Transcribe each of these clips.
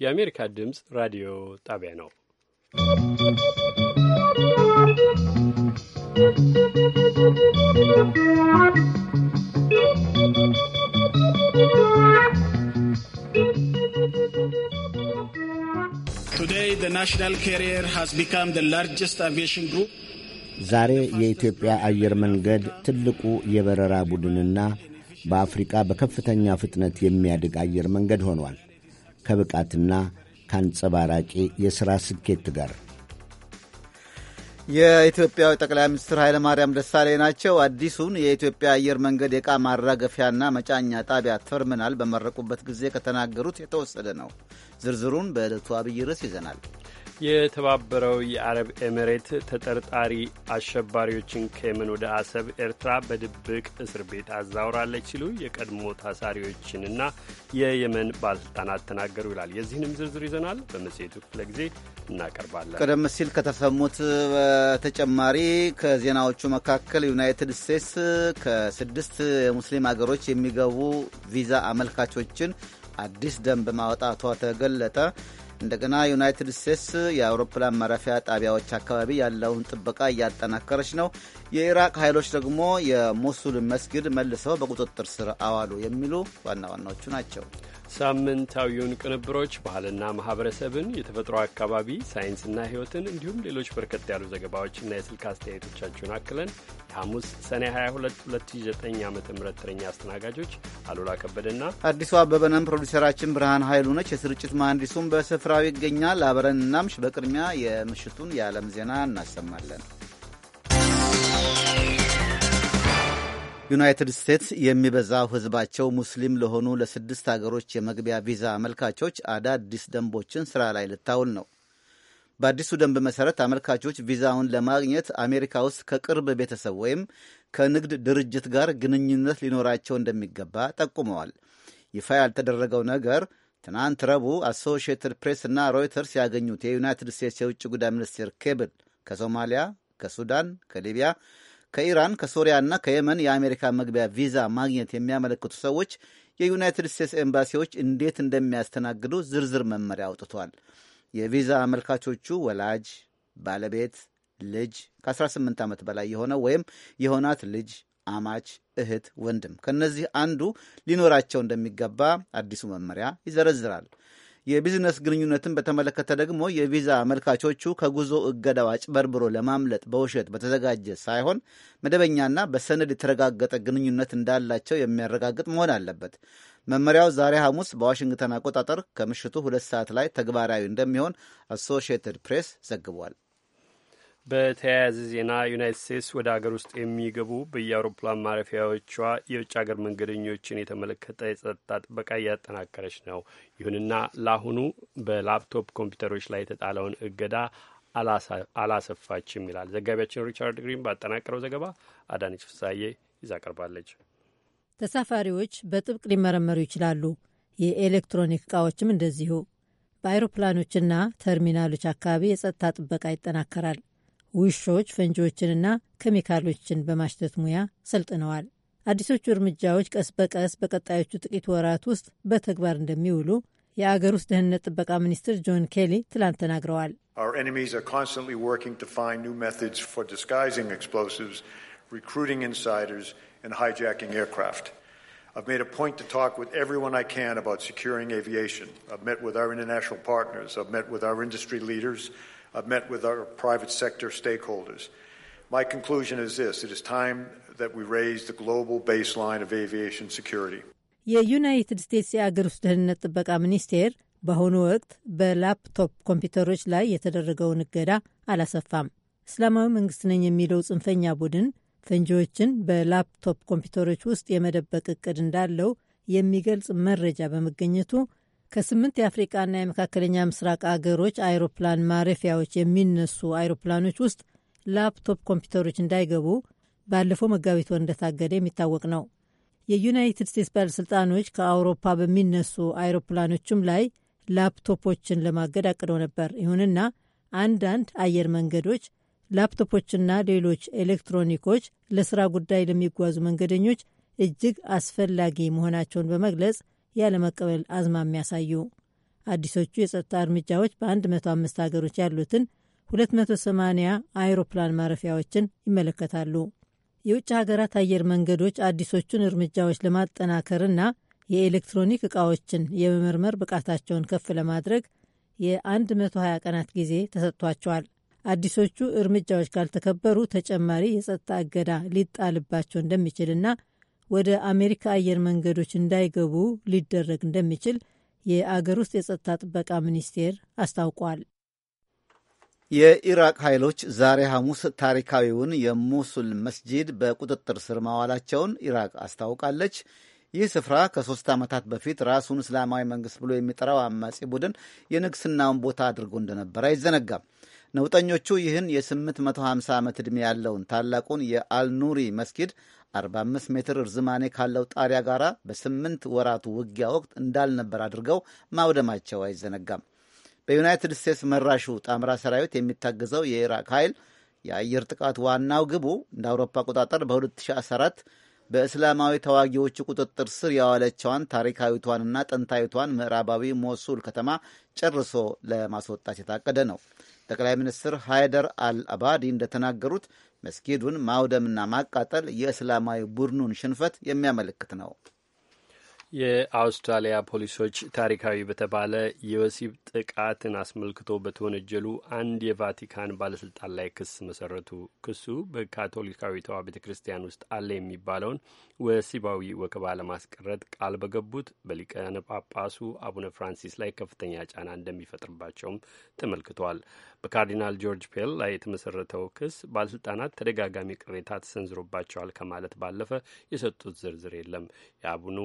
ይህ የአሜሪካ ድምፅ ራዲዮ ጣቢያ ነው። ዛሬ የኢትዮጵያ አየር መንገድ ትልቁ የበረራ ቡድንና በአፍሪቃ በከፍተኛ ፍጥነት የሚያድግ አየር መንገድ ሆኗል። ከብቃትና ከአንጸባራቂ የሥራ ስኬት ጋር የኢትዮጵያው ጠቅላይ ሚኒስትር ኃይለ ማርያም ደሳሌ ናቸው። አዲሱን የኢትዮጵያ አየር መንገድ የዕቃ ማራገፊያና መጫኛ ጣቢያ ተርሚናል በመረቁበት ጊዜ ከተናገሩት የተወሰደ ነው። ዝርዝሩን በዕለቱ አብይ ርዕስ ይዘናል። የተባበረው የአረብ ኤምሬት ተጠርጣሪ አሸባሪዎችን ከየመን ወደ አሰብ ኤርትራ በድብቅ እስር ቤት አዛውራለች ሲሉ የቀድሞ ታሳሪዎችንና የየመን ባለስልጣናት ተናገሩ ይላል። የዚህንም ዝርዝር ይዘናል በመጽሔቱ ክፍለ ጊዜ እናቀርባለን። ቀደም ሲል ከተሰሙት በተጨማሪ ከዜናዎቹ መካከል ዩናይትድ ስቴትስ ከስድስት የሙስሊም ሀገሮች የሚገቡ ቪዛ አመልካቾችን አዲስ ደንብ ማውጣቷ ተገለጠ። እንደገና ዩናይትድ ስቴትስ የአውሮፕላን ማረፊያ ጣቢያዎች አካባቢ ያለውን ጥበቃ እያጠናከረች ነው። የኢራቅ ኃይሎች ደግሞ የሞሱል መስጊድ መልሰው በቁጥጥር ስር አዋሉ የሚሉ ዋና ዋናዎቹ ናቸው። ሳምንታዊውን ቅንብሮች ባህልና ማህበረሰብን፣ የተፈጥሮ አካባቢ፣ ሳይንስና ሕይወትን እንዲሁም ሌሎች በርከት ያሉ ዘገባዎችና የስልክ አስተያየቶቻችሁን አክለን የሐሙስ ሰኔ 22 2009 ዓ ም ተረኛ አስተናጋጆች አሉላ ከበደና አዲሱ አበበነን ፕሮዲሰራችን ብርሃን ኃይሉ ነች። የስርጭት መሐንዲሱም በስፍራው ይገኛል። አብረን እናምሽ። በቅድሚያ የምሽቱን የዓለም ዜና እናሰማለን። ዩናይትድ ስቴትስ የሚበዛው ህዝባቸው ሙስሊም ለሆኑ ለስድስት አገሮች የመግቢያ ቪዛ አመልካቾች አዳዲስ ደንቦችን ስራ ላይ ልታውል ነው። በአዲሱ ደንብ መሠረት አመልካቾች ቪዛውን ለማግኘት አሜሪካ ውስጥ ከቅርብ ቤተሰብ ወይም ከንግድ ድርጅት ጋር ግንኙነት ሊኖራቸው እንደሚገባ ጠቁመዋል። ይፋ ያልተደረገው ነገር ትናንት ረቡዕ አሶሺየትድ ፕሬስ እና ሮይተርስ ያገኙት የዩናይትድ ስቴትስ የውጭ ጉዳይ ሚኒስቴር ኬብል ከሶማሊያ፣ ከሱዳን፣ ከሊቢያ ከኢራን ከሶሪያና ከየመን የአሜሪካ መግቢያ ቪዛ ማግኘት የሚያመለክቱ ሰዎች የዩናይትድ ስቴትስ ኤምባሲዎች እንዴት እንደሚያስተናግዱ ዝርዝር መመሪያ አውጥቷል። የቪዛ አመልካቾቹ ወላጅ፣ ባለቤት፣ ልጅ ከ18 ዓመት በላይ የሆነ ወይም የሆናት ልጅ፣ አማች፣ እህት፣ ወንድም ከእነዚህ አንዱ ሊኖራቸው እንደሚገባ አዲሱ መመሪያ ይዘረዝራል። የቢዝነስ ግንኙነትን በተመለከተ ደግሞ የቪዛ አመልካቾቹ ከጉዞ እገዳው አጭበርብሮ ለማምለጥ በውሸት በተዘጋጀ ሳይሆን መደበኛና በሰነድ የተረጋገጠ ግንኙነት እንዳላቸው የሚያረጋግጥ መሆን አለበት። መመሪያው ዛሬ ሐሙስ በዋሽንግተን አቆጣጠር ከምሽቱ ሁለት ሰዓት ላይ ተግባራዊ እንደሚሆን አሶሺየትድ ፕሬስ ዘግቧል። በተያያዘ ዜና ዩናይት ስቴትስ ወደ አገር ውስጥ የሚገቡ በየአውሮፕላን ማረፊያዎቿ የውጭ አገር መንገደኞችን የተመለከተ የጸጥታ ጥበቃ እያጠናከረች ነው። ይሁንና ለአሁኑ በላፕቶፕ ኮምፒውተሮች ላይ የተጣለውን እገዳ አላሰፋችም ይላል ዘጋቢያችን ሪቻርድ ግሪን ባጠናቀረው ዘገባ። አዳነች ፍሳዬ ይዛ ቀርባለች። ተሳፋሪዎች በጥብቅ ሊመረመሩ ይችላሉ። የኤሌክትሮኒክ እቃዎችም እንደዚሁ። በአይሮፕላኖችና ተርሚናሎች አካባቢ የጸጥታ ጥበቃ ይጠናከራል። ውሾች ፈንጂዎችንና ኬሚካሎችን በማሽተት ሙያ ሰልጥነዋል። አዲሶቹ እርምጃዎች ቀስ በቀስ በቀጣዮቹ ጥቂት ወራት ውስጥ በተግባር እንደሚውሉ የአገር ውስጥ ደህንነት ጥበቃ ሚኒስትር ጆን ኬሊ ትላንት ተናግረዋል። ሪክሩቲንግ I've met with our private sector stakeholders. My conclusion is this it is time that we raise the global baseline of aviation security. የዩናይትድ ስቴትስ የአገር ውስጥ ደህንነት ጥበቃ ሚኒስቴር በአሁኑ ወቅት በላፕቶፕ ኮምፒውተሮች ላይ የተደረገውን እገዳ አላሰፋም። እስላማዊ መንግስት ነኝ የሚለው ጽንፈኛ ቡድን ፈንጂዎችን በላፕቶፕ ኮምፒውተሮች ውስጥ የመደበቅ እቅድ እንዳለው የሚገልጽ መረጃ በመገኘቱ ከስምንት የአፍሪቃና የመካከለኛ ምስራቅ አገሮች አይሮፕላን ማረፊያዎች የሚነሱ አይሮፕላኖች ውስጥ ላፕቶፕ ኮምፒውተሮች እንዳይገቡ ባለፈው መጋቢት ወር እንደታገደ የሚታወቅ ነው። የዩናይትድ ስቴትስ ባለሥልጣኖች ከአውሮፓ በሚነሱ አይሮፕላኖችም ላይ ላፕቶፖችን ለማገድ አቅደው ነበር። ይሁንና አንዳንድ አየር መንገዶች ላፕቶፖችና ሌሎች ኤሌክትሮኒኮች ለሥራ ጉዳይ ለሚጓዙ መንገደኞች እጅግ አስፈላጊ መሆናቸውን በመግለጽ ያለመቀበል አዝማሚያ ያሳዩ። አዲሶቹ የጸጥታ እርምጃዎች በአንድ መቶ አምስት ሀገሮች ያሉትን 280 አይሮፕላን ማረፊያዎችን ይመለከታሉ። የውጭ ሀገራት አየር መንገዶች አዲሶቹን እርምጃዎች ለማጠናከርና የኤሌክትሮኒክ ዕቃዎችን የመመርመር ብቃታቸውን ከፍ ለማድረግ የ120 ቀናት ጊዜ ተሰጥቷቸዋል። አዲሶቹ እርምጃዎች ካልተከበሩ ተጨማሪ የጸጥታ እገዳ ሊጣልባቸው እንደሚችልና ወደ አሜሪካ አየር መንገዶች እንዳይገቡ ሊደረግ እንደሚችል የአገር ውስጥ የጸጥታ ጥበቃ ሚኒስቴር አስታውቋል። የኢራቅ ኃይሎች ዛሬ ሐሙስ ታሪካዊውን የሞሱል መስጂድ በቁጥጥር ስር ማዋላቸውን ኢራቅ አስታውቃለች። ይህ ስፍራ ከሶስት ዓመታት በፊት ራሱን እስላማዊ መንግስት ብሎ የሚጠራው አማጺ ቡድን የንግሥናውን ቦታ አድርጎ እንደነበረ አይዘነጋም። ነውጠኞቹ ይህን የ850 ዓመት ዕድሜ ያለውን ታላቁን የአልኑሪ መስጊድ 45 ሜትር እርዝማኔ ካለው ጣሪያ ጋር በስምንት ወራቱ ውጊያ ወቅት እንዳልነበር አድርገው ማውደማቸው አይዘነጋም። በዩናይትድ ስቴትስ መራሹ ጣምራ ሰራዊት የሚታገዘው የኢራቅ ኃይል የአየር ጥቃት ዋናው ግቡ እንደ አውሮፓ አቆጣጠር በ2014 በእስላማዊ ተዋጊዎቹ ቁጥጥር ስር የዋለችዋን ታሪካዊቷንና ጥንታዊቷን ምዕራባዊ ሞሱል ከተማ ጨርሶ ለማስወጣት የታቀደ ነው። ጠቅላይ ሚኒስትር ሃይደር አልአባዲ እንደተናገሩት መስጊዱን ማውደምና ማቃጠል የእስላማዊ ቡድኑን ሽንፈት የሚያመለክት ነው። የአውስትራሊያ ፖሊሶች ታሪካዊ በተባለ የወሲብ ጥቃትን አስመልክቶ በተወነጀሉ አንድ የቫቲካን ባለስልጣን ላይ ክስ መሰረቱ። ክሱ በካቶሊካዊቷ ቤተ ክርስቲያን ውስጥ አለ የሚባለውን ወሲባዊ ወከባ ለማስቀረት ቃል በገቡት በሊቀነ ጳጳሱ አቡነ ፍራንሲስ ላይ ከፍተኛ ጫና እንደሚፈጥርባቸውም ተመልክቷል። በካርዲናል ጆርጅ ፔል ላይ የተመሰረተው ክስ ባለስልጣናት ተደጋጋሚ ቅሬታ ተሰንዝሮባቸዋል ከማለት ባለፈ የሰጡት ዝርዝር የለም። የአቡኑ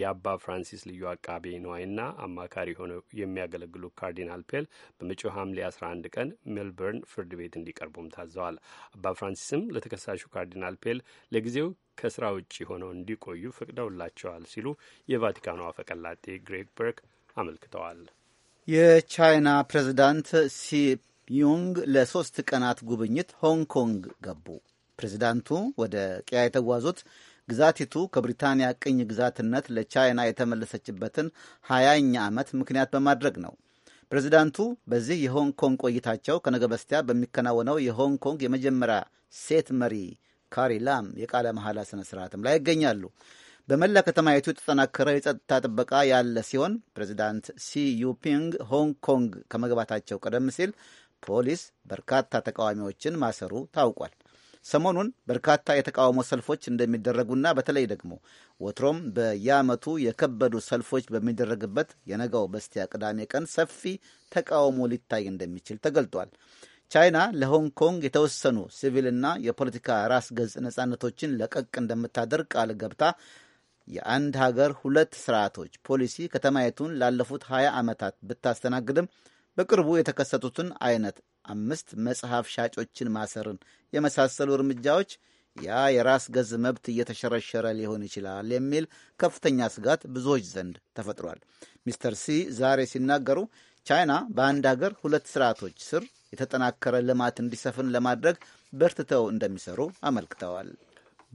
የአባ ፍራንሲስ ልዩ አቃቤ ንዋይና አማካሪ ሆነው የሚያገለግሉ ካርዲናል ፔል በመጪው ሐምሌ 11 ቀን ሜልበርን ፍርድ ቤት እንዲቀርቡም ታዘዋል። አባ ፍራንሲስም ለተከሳሹ ካርዲናል ፔል ለጊዜው ከስራ ውጭ ሆነው እንዲቆዩ ፈቅደውላቸዋል ሲሉ የቫቲካኑ አፈቀላጤ ግሬግ በርክ አመልክተዋል። የቻይና ፕሬዚዳንት ሲዩንግ ለሶስት ቀናት ጉብኝት ሆንግ ኮንግ ገቡ። ፕሬዚዳንቱ ወደ ቅያ የተጓዙት ግዛቲቱ ከብሪታንያ ቅኝ ግዛትነት ለቻይና የተመለሰችበትን ሀያኛ ዓመት ምክንያት በማድረግ ነው። ፕሬዚዳንቱ በዚህ የሆንግ ኮንግ ቆይታቸው ከነገ በስቲያ በሚከናወነው የሆንግ ኮንግ የመጀመሪያ ሴት መሪ ካሪ ላም የቃለ መሐላ ስነ ስርዓትም ላይ ይገኛሉ። በመላ ከተማይቱ የተጠናከረ የጸጥታ ጥበቃ ያለ ሲሆን ፕሬዚዳንት ሲ ዩፒንግ ሆንግ ኮንግ ከመግባታቸው ቀደም ሲል ፖሊስ በርካታ ተቃዋሚዎችን ማሰሩ ታውቋል። ሰሞኑን በርካታ የተቃውሞ ሰልፎች እንደሚደረጉና በተለይ ደግሞ ወትሮም በየዓመቱ የከበዱ ሰልፎች በሚደረግበት የነጋው በስቲያ ቅዳሜ ቀን ሰፊ ተቃውሞ ሊታይ እንደሚችል ተገልጧል። ቻይና ለሆንግ ኮንግ የተወሰኑ ሲቪልና የፖለቲካ ራስ ገዝ ነጻነቶችን ለቀቅ እንደምታደርግ ቃል ገብታ የአንድ ሀገር ሁለት ስርዓቶች ፖሊሲ ከተማይቱን ላለፉት 20 ዓመታት ብታስተናግድም በቅርቡ የተከሰቱትን አይነት አምስት መጽሐፍ ሻጮችን ማሰርን የመሳሰሉ እርምጃዎች ያ የራስ ገዝ መብት እየተሸረሸረ ሊሆን ይችላል የሚል ከፍተኛ ስጋት ብዙዎች ዘንድ ተፈጥሯል። ሚስተር ሲ ዛሬ ሲናገሩ ቻይና በአንድ አገር ሁለት ስርዓቶች ስር የተጠናከረ ልማት እንዲሰፍን ለማድረግ በርትተው እንደሚሰሩ አመልክተዋል።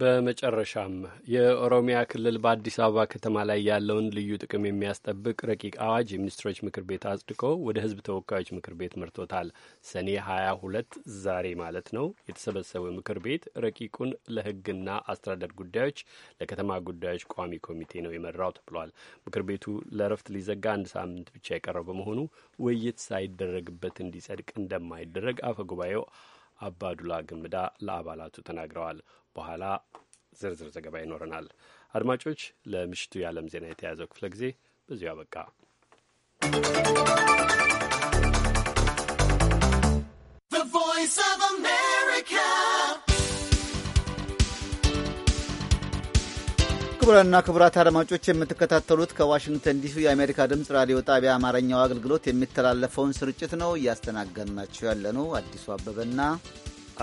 በመጨረሻም የኦሮሚያ ክልል በአዲስ አበባ ከተማ ላይ ያለውን ልዩ ጥቅም የሚያስጠብቅ ረቂቅ አዋጅ የሚኒስትሮች ምክር ቤት አጽድቆ ወደ ሕዝብ ተወካዮች ምክር ቤት መርቶታል። ሰኔ 22 ዛሬ ማለት ነው የተሰበሰበው ምክር ቤት ረቂቁን ለሕግና አስተዳደር ጉዳዮች ለከተማ ጉዳዮች ቋሚ ኮሚቴ ነው የመራው ተብሏል። ምክር ቤቱ ለእረፍት ሊዘጋ አንድ ሳምንት ብቻ የቀረው በመሆኑ ውይይት ሳይደረግበት እንዲጸድቅ እንደማይደረግ አፈጉባኤው አባዱላ ግምዳ ለአባላቱ ተናግረዋል። በኋላ ዝርዝር ዘገባ ይኖረናል። አድማጮች፣ ለምሽቱ የዓለም ዜና የተያዘው ክፍለ ጊዜ በዚሁ አበቃ። ክቡራንና ክቡራት አድማጮች የምትከታተሉት ከዋሽንግተን ዲሲ የአሜሪካ ድምፅ ራዲዮ ጣቢያ አማርኛው አገልግሎት የሚተላለፈውን ስርጭት ነው። እያስተናገድናችሁ ያለነው አዲሱ አበበና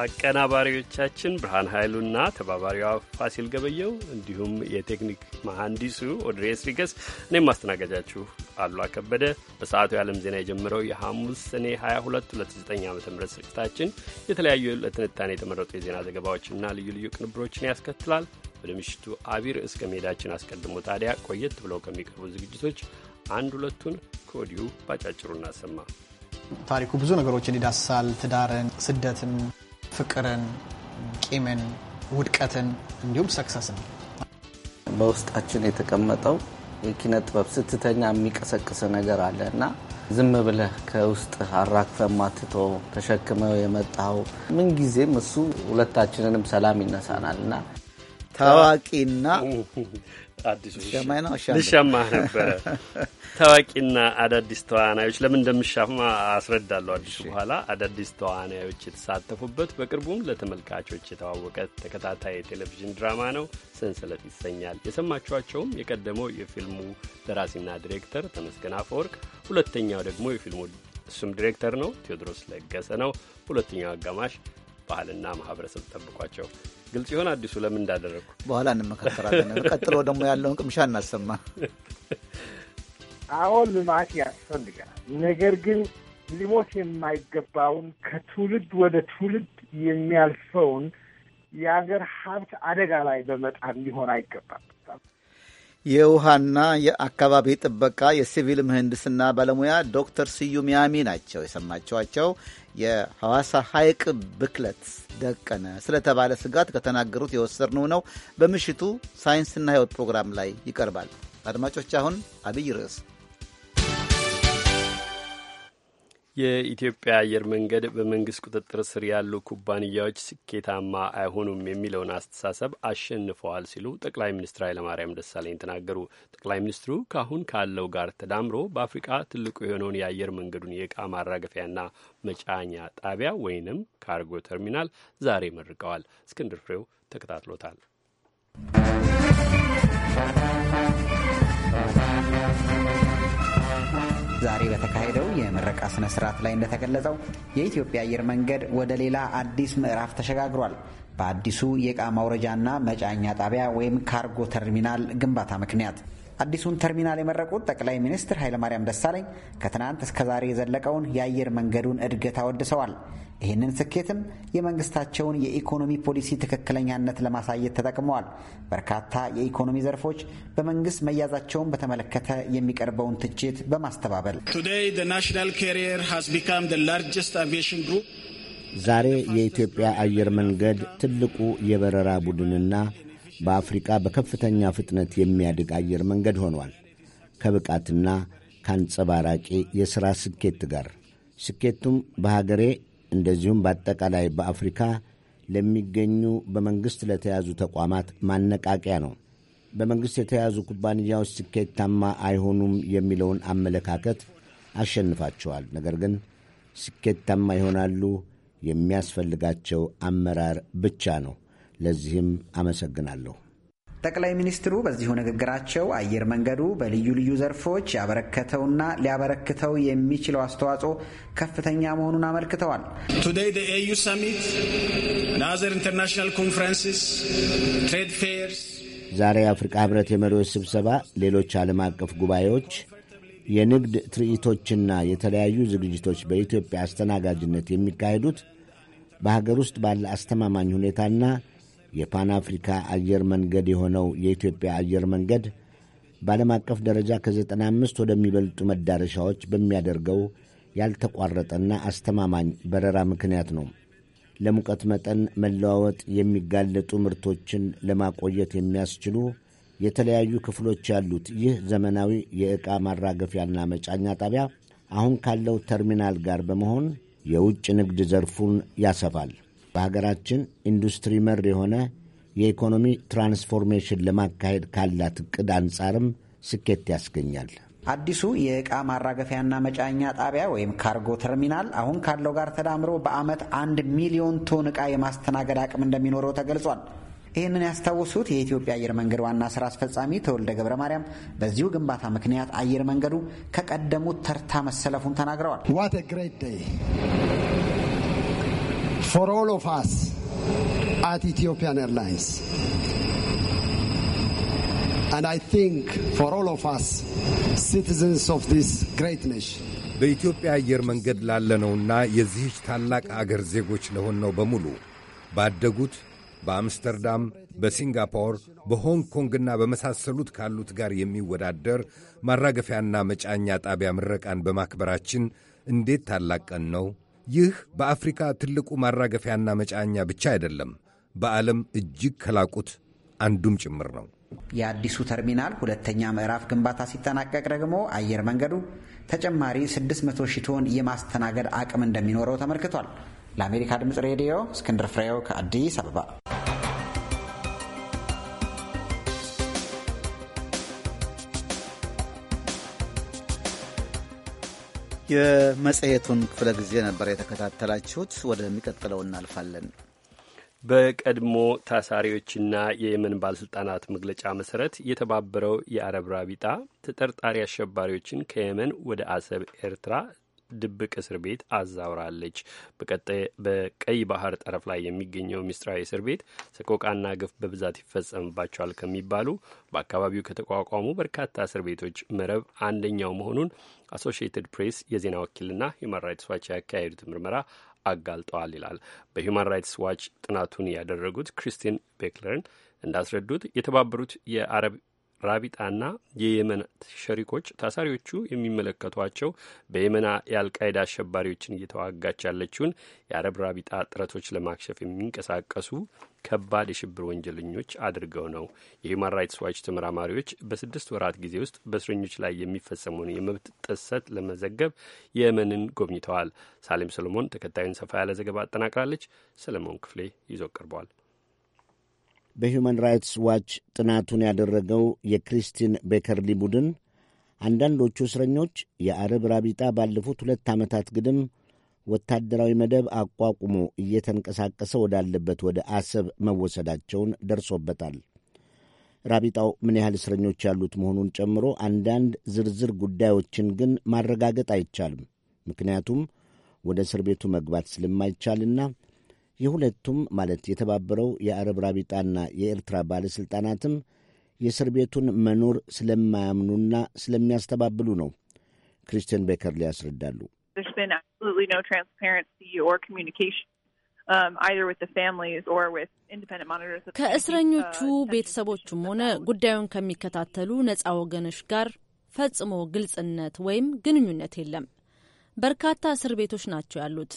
አቀናባሪዎቻችን ብርሃን ኃይሉና ተባባሪዋ ፋሲል ገበየው እንዲሁም የቴክኒክ መሐንዲሱ ኦድሬስ ሪገስ፣ እኔም ማስተናገጃችሁ አሉ አከበደ። በሰዓቱ የዓለም ዜና የጀመረው የሐሙስ ሰኔ 22 2009 ዓ ም ስርጭታችን የተለያዩ ለትንታኔ የተመረጡ የዜና ዘገባዎችና ልዩ ልዩ ቅንብሮችን ያስከትላል። ወደ ምሽቱ አቢር እስከ ከመሄዳችን አስቀድሞ ታዲያ ቆየት ብለው ከሚቀርቡ ዝግጅቶች አንድ ሁለቱን ከወዲሁ ባጫጭሩ እናሰማ። ታሪኩ ብዙ ነገሮችን ይዳስሳል። ትዳርን፣ ስደትን፣ ፍቅርን፣ ቂምን፣ ውድቀትን እንዲሁም ሰክሰስን። በውስጣችን የተቀመጠው የኪነ ጥበብ ስትተኛ የሚቀሰቅስ ነገር አለ እና ዝም ብለህ ከውስጥ አራክፈ ማትቶ ተሸክመው የመጣው ምንጊዜም እሱ ሁለታችንንም ሰላም ይነሳናል እና ታዋቂና አዲሱ ነበረ ታዋቂና አዳዲስ ተዋናዮች ለምን እንደምሻማ አስረዳለሁ። አዲሱ በኋላ አዳዲስ ተዋናዮች የተሳተፉበት በቅርቡም ለተመልካቾች የተዋወቀ ተከታታይ የቴሌቪዥን ድራማ ነው። ሰንሰለት ይሰኛል። የሰማችኋቸውም የቀደመው የፊልሙ ደራሲና ዲሬክተር ተመስገን አፈወርቅ፣ ሁለተኛው ደግሞ የፊልሙ እሱም ዲሬክተር ነው ቴዎድሮስ ለገሰ ነው። ሁለተኛው አጋማሽ ባህልና ማህበረሰብ ጠብቋቸው። ግልጽ ይሆን አዲሱ ለምን እንዳደረግኩ በኋላ እንመካከራለን። ቀጥሎ ደግሞ ያለውን ቅምሻ እናሰማ። አሁን ልማት ያስፈልጋል። ነገር ግን ሊሞት የማይገባውን ከትውልድ ወደ ትውልድ የሚያልፈውን የአገር ሀብት አደጋ ላይ በመጣል ሊሆን አይገባም። የውሃና የአካባቢ ጥበቃ የሲቪል ምህንድስና ባለሙያ ዶክተር ስዩም ያሚ ናቸው። የሰማችኋቸው የሐዋሳ ሐይቅ ብክለት ደቀነ ስለተባለ ስጋት ከተናገሩት የወሰድነው ነው። በምሽቱ ሳይንስና ሕይወት ፕሮግራም ላይ ይቀርባል። አድማጮች፣ አሁን አብይ ርዕስ የኢትዮጵያ አየር መንገድ በመንግስት ቁጥጥር ስር ያሉ ኩባንያዎች ስኬታማ አይሆኑም የሚለውን አስተሳሰብ አሸንፈዋል ሲሉ ጠቅላይ ሚኒስትር ኃይለማርያም ደሳለኝ ተናገሩ። ጠቅላይ ሚኒስትሩ ካሁን ካለው ጋር ተዳምሮ በአፍሪቃ ትልቁ የሆነውን የአየር መንገዱን የእቃ ማራገፊያና መጫኛ ጣቢያ ወይንም ካርጎ ተርሚናል ዛሬ መርቀዋል። እስክንድር ፍሬው ተከታትሎታል። ዛሬ በተካሄደው የምረቃ ስነ ስርዓት ላይ እንደተገለጸው የኢትዮጵያ አየር መንገድ ወደ ሌላ አዲስ ምዕራፍ ተሸጋግሯል። በአዲሱ የዕቃ ማውረጃና መጫኛ ጣቢያ ወይም ካርጎ ተርሚናል ግንባታ ምክንያት አዲሱን ተርሚናል የመረቁት ጠቅላይ ሚኒስትር ኃይለማርያም ደሳለኝ ከትናንት እስከ ዛሬ የዘለቀውን የአየር መንገዱን እድገት አወድሰዋል። ይህንን ስኬትም የመንግስታቸውን የኢኮኖሚ ፖሊሲ ትክክለኛነት ለማሳየት ተጠቅመዋል። በርካታ የኢኮኖሚ ዘርፎች በመንግስት መያዛቸውን በተመለከተ የሚቀርበውን ትችት በማስተባበል ዛሬ የኢትዮጵያ አየር መንገድ ትልቁ የበረራ ቡድንና በአፍሪቃ በከፍተኛ ፍጥነት የሚያድግ አየር መንገድ ሆኗል። ከብቃትና ከአንጸባራቂ የሥራ ስኬት ጋር ስኬቱም በሀገሬ እንደዚሁም በአጠቃላይ በአፍሪካ ለሚገኙ በመንግሥት ለተያዙ ተቋማት ማነቃቂያ ነው። በመንግሥት የተያዙ ኩባንያዎች ስኬታማ አይሆኑም የሚለውን አመለካከት አሸንፋቸዋል። ነገር ግን ስኬታማ ይሆናሉ። የሚያስፈልጋቸው አመራር ብቻ ነው። ለዚህም አመሰግናለሁ። ጠቅላይ ሚኒስትሩ በዚሁ ንግግራቸው አየር መንገዱ በልዩ ልዩ ዘርፎች ያበረከተውና ሊያበረክተው የሚችለው አስተዋጽኦ ከፍተኛ መሆኑን አመልክተዋል። ኤዩ ሰሚት ናዘር ኢንተርናሽናል ኮንፈረንስስ ትሬድ ፌርስ ዛሬ የአፍሪቃ ህብረት የመሪዎች ስብሰባ፣ ሌሎች ዓለም አቀፍ ጉባኤዎች፣ የንግድ ትርኢቶችና የተለያዩ ዝግጅቶች በኢትዮጵያ አስተናጋጅነት የሚካሄዱት በሀገር ውስጥ ባለ አስተማማኝ ሁኔታና የፓን አፍሪካ አየር መንገድ የሆነው የኢትዮጵያ አየር መንገድ በዓለም አቀፍ ደረጃ ከ95 ወደሚበልጡ መዳረሻዎች በሚያደርገው ያልተቋረጠና አስተማማኝ በረራ ምክንያት ነው። ለሙቀት መጠን መለዋወጥ የሚጋለጡ ምርቶችን ለማቆየት የሚያስችሉ የተለያዩ ክፍሎች ያሉት ይህ ዘመናዊ የዕቃ ማራገፊያና መጫኛ ጣቢያ አሁን ካለው ተርሚናል ጋር በመሆን የውጭ ንግድ ዘርፉን ያሰፋል። በሀገራችን ኢንዱስትሪ መር የሆነ የኢኮኖሚ ትራንስፎርሜሽን ለማካሄድ ካላት እቅድ አንጻርም ስኬት ያስገኛል። አዲሱ የእቃ ማራገፊያና መጫኛ ጣቢያ ወይም ካርጎ ተርሚናል አሁን ካለው ጋር ተዳምሮ በዓመት አንድ ሚሊዮን ቶን ዕቃ የማስተናገድ አቅም እንደሚኖረው ተገልጿል። ይህንን ያስታወሱት የኢትዮጵያ አየር መንገድ ዋና ስራ አስፈጻሚ ተወልደ ገብረ ማርያም በዚሁ ግንባታ ምክንያት አየር መንገዱ ከቀደሙት ተርታ መሰለፉን ተናግረዋል። for all of us at Ethiopian Airlines. And I think for all of us, citizens of this great nation. በኢትዮጵያ አየር መንገድ ላለነውና የዚህች ታላቅ አገር ዜጎች ለሆነው በሙሉ ባደጉት በአምስተርዳም፣ በሲንጋፖር፣ በሆንግ ኮንግና በመሳሰሉት ካሉት ጋር የሚወዳደር ማራገፊያና መጫኛ ጣቢያ ምረቃን በማክበራችን እንዴት ታላቅ ቀን ነው! ይህ በአፍሪካ ትልቁ ማራገፊያና መጫኛ ብቻ አይደለም፣ በዓለም እጅግ ከላቁት አንዱም ጭምር ነው። የአዲሱ ተርሚናል ሁለተኛ ምዕራፍ ግንባታ ሲጠናቀቅ ደግሞ አየር መንገዱ ተጨማሪ 600 ሺህ ቶን የማስተናገድ አቅም እንደሚኖረው ተመልክቷል። ለአሜሪካ ድምፅ ሬዲዮ እስክንድር ፍሬው ከአዲስ አበባ የመጽሔቱን ክፍለ ጊዜ ነበር የተከታተላችሁት። ወደሚቀጥለው እናልፋለን። በቀድሞ ታሳሪዎችና የየመን ባለሥልጣናት መግለጫ መሠረት የተባበረው የአረብ ራቢጣ ተጠርጣሪ አሸባሪዎችን ከየመን ወደ አሰብ ኤርትራ ድብቅ እስር ቤት አዛውራለች። በቀይ ባህር ጠረፍ ላይ የሚገኘው ምስጢራዊ እስር ቤት ሰቆቃና ግፍ በብዛት ይፈጸምባቸዋል ከሚባሉ በአካባቢው ከተቋቋሙ በርካታ እስር ቤቶች መረብ አንደኛው መሆኑን አሶሽትድ ፕሬስ የዜና ወኪልና ሂውማን ራይትስ ዋች ያካሄዱት ምርመራ አጋልጠዋል ይላል። በሂውማን ራይትስ ዋች ጥናቱን ያደረጉት ክሪስቲን ቤክለርን እንዳስረዱት የተባበሩት የአረብ ራቢጣና የየመን ሸሪኮች ታሳሪዎቹ የሚመለከቷቸው በየመና የአልቃይዳ አሸባሪዎችን እየተዋጋች ያለችውን የአረብ ራቢጣ ጥረቶች ለማክሸፍ የሚንቀሳቀሱ ከባድ የሽብር ወንጀለኞች አድርገው ነው። የሁማን ራይትስ ዋች ተመራማሪዎች በስድስት ወራት ጊዜ ውስጥ በእስረኞች ላይ የሚፈጸመውን የመብት ጥሰት ለመዘገብ የመንን ጎብኝተዋል። ሳሌም ሰሎሞን ተከታዩን ሰፋ ያለ ዘገባ አጠናቅራለች። ሰለሞን ክፍሌ ይዞ ቀርቧል። በሁማን ራይትስ ዋች ጥናቱን ያደረገው የክሪስቲን ቤከርሊ ቡድን አንዳንዶቹ እስረኞች የአረብ ራቢጣ ባለፉት ሁለት ዓመታት ግድም ወታደራዊ መደብ አቋቁሞ እየተንቀሳቀሰ ወዳለበት ወደ አሰብ መወሰዳቸውን ደርሶበታል። ራቢጣው ምን ያህል እስረኞች ያሉት መሆኑን ጨምሮ አንዳንድ ዝርዝር ጉዳዮችን ግን ማረጋገጥ አይቻልም። ምክንያቱም ወደ እስር ቤቱ መግባት ስለማይቻልና የሁለቱም ማለት የተባበረው የአረብ ራቢጣና የኤርትራ ባለሥልጣናትም የእስር ቤቱን መኖር ስለማያምኑና ስለሚያስተባብሉ ነው። ክሪስቲን ቤከር ሊያስረዳሉ። um, ከእስረኞቹ uh, ቤተሰቦችም ሆነ ጉዳዩን ከሚከታተሉ ነጻ ወገኖች ጋር ፈጽሞ ግልጽነት ወይም ግንኙነት የለም። በርካታ እስር ቤቶች ናቸው ያሉት።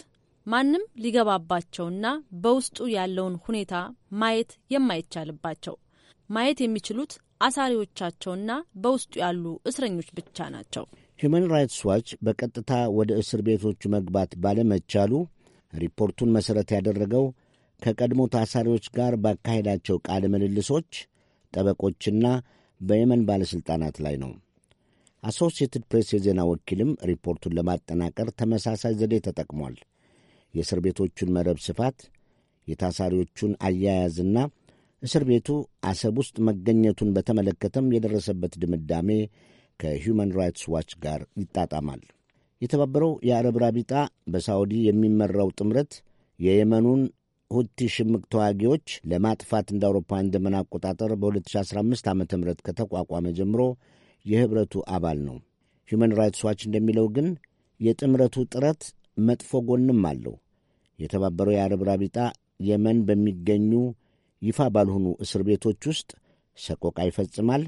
ማንም ሊገባባቸውና በውስጡ ያለውን ሁኔታ ማየት የማይቻልባቸው ማየት የሚችሉት አሳሪዎቻቸውና በውስጡ ያሉ እስረኞች ብቻ ናቸው። ሂዩማን ራይትስ ዋች በቀጥታ ወደ እስር ቤቶቹ መግባት ባለመቻሉ ሪፖርቱን መሠረት ያደረገው ከቀድሞ ታሳሪዎች ጋር ባካሄዳቸው ቃለ ምልልሶች፣ ጠበቆችና በየመን ባለሥልጣናት ላይ ነው። አሶሲየትድ ፕሬስ የዜና ወኪልም ሪፖርቱን ለማጠናቀር ተመሳሳይ ዘዴ ተጠቅሟል። የእስር ቤቶቹን መረብ ስፋት፣ የታሳሪዎቹን አያያዝና እስር ቤቱ አሰብ ውስጥ መገኘቱን በተመለከተም የደረሰበት ድምዳሜ ከሁማን ራይትስ ዋች ጋር ይጣጣማል። የተባበረው የአረብ ራቢጣ በሳውዲ የሚመራው ጥምረት የየመኑን ሁቲ ሽምቅ ተዋጊዎች ለማጥፋት እንደ አውሮፓውያን ዘመን አቆጣጠር በ2015 ዓ ም ከተቋቋመ ጀምሮ የኅብረቱ አባል ነው። ሁማን ራይትስ ዋች እንደሚለው ግን የጥምረቱ ጥረት መጥፎ ጎንም አለው። የተባበረው የአረብ ራቢጣ የመን በሚገኙ ይፋ ባልሆኑ እስር ቤቶች ውስጥ ሰቆቃ ይፈጽማል፣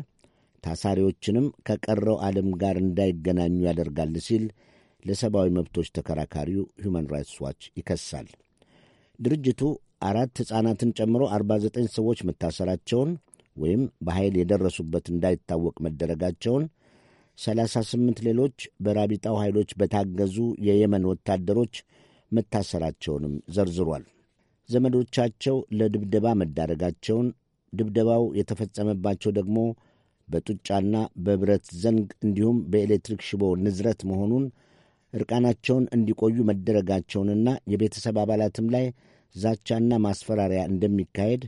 ታሳሪዎችንም ከቀረው ዓለም ጋር እንዳይገናኙ ያደርጋል ሲል ለሰብአዊ መብቶች ተከራካሪው ሁማን ራይትስ ዋች ይከሳል። ድርጅቱ አራት ሕፃናትን ጨምሮ 49 ሰዎች መታሰራቸውን ወይም በኃይል የደረሱበት እንዳይታወቅ መደረጋቸውን 38 ሌሎች በራቢጣው ኃይሎች በታገዙ የየመን ወታደሮች መታሰራቸውንም ዘርዝሯል። ዘመዶቻቸው ለድብደባ መዳረጋቸውን፣ ድብደባው የተፈጸመባቸው ደግሞ በጡጫና በብረት ዘንግ እንዲሁም በኤሌክትሪክ ሽቦ ንዝረት መሆኑን እርቃናቸውን እንዲቆዩ መደረጋቸውንና የቤተሰብ አባላትም ላይ ዛቻና ማስፈራሪያ እንደሚካሄድ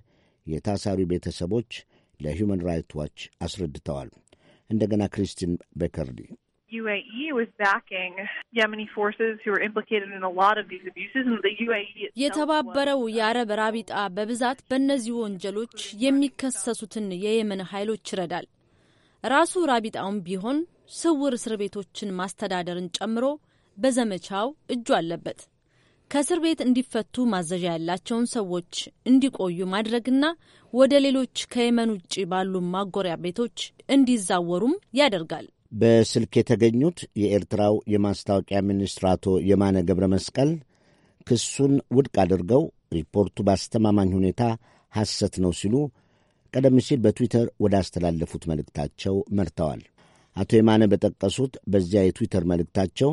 የታሳሪ ቤተሰቦች ለሁመን ራይትስ ዋች አስረድተዋል። እንደገና ክሪስቲን ቤከርዲ e የተባበረው የአረብ ራቢጣ በብዛት በእነዚህ ወንጀሎች የሚከሰሱትን የየመን ኃይሎች ይረዳል። ራሱ ራቢጣውም ቢሆን ስውር እስር ቤቶችን ማስተዳደርን ጨምሮ በዘመቻው እጁ አለበት። ከእስር ቤት እንዲፈቱ ማዘዣ ያላቸውን ሰዎች እንዲቆዩ ማድረግና ወደ ሌሎች ከየመን ውጭ ባሉ ማጎሪያ ቤቶች እንዲዛወሩም ያደርጋል። በስልክ የተገኙት የኤርትራው የማስታወቂያ ሚኒስትር አቶ የማነ ገብረ መስቀል ክሱን ውድቅ አድርገው ሪፖርቱ በአስተማማኝ ሁኔታ ሐሰት ነው ሲሉ ቀደም ሲል በትዊተር ወዳስተላለፉት መልእክታቸው መርተዋል። አቶ የማነ በጠቀሱት በዚያ የትዊተር መልእክታቸው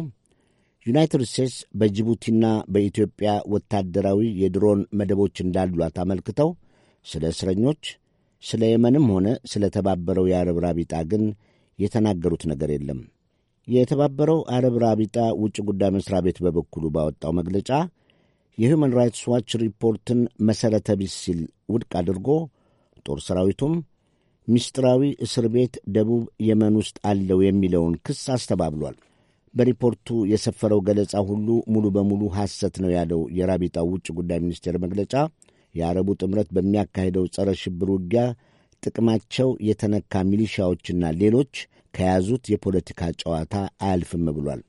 ዩናይትድ ስቴትስ በጅቡቲና በኢትዮጵያ ወታደራዊ የድሮን መደቦች እንዳሏት አመልክተው ስለ እስረኞች፣ ስለ የመንም ሆነ ስለ ተባበረው የአረብ ራቢጣ ግን የተናገሩት ነገር የለም። የተባበረው አረብ ራቢጣ ውጭ ጉዳይ መሥሪያ ቤት በበኩሉ ባወጣው መግለጫ የሁመን ራይትስ ዋች ሪፖርትን መሠረተ ቢስ ሲል ውድቅ አድርጎ ጦር ሰራዊቱም ምስጢራዊ እስር ቤት ደቡብ የመን ውስጥ አለው የሚለውን ክስ አስተባብሏል። በሪፖርቱ የሰፈረው ገለጻ ሁሉ ሙሉ በሙሉ ሐሰት ነው ያለው የራቢጣው ውጭ ጉዳይ ሚኒስቴር መግለጫ የአረቡ ጥምረት በሚያካሄደው ጸረ ሽብር ውጊያ ጥቅማቸው የተነካ ሚሊሻዎችና ሌሎች ከያዙት የፖለቲካ ጨዋታ አያልፍም ብሏል።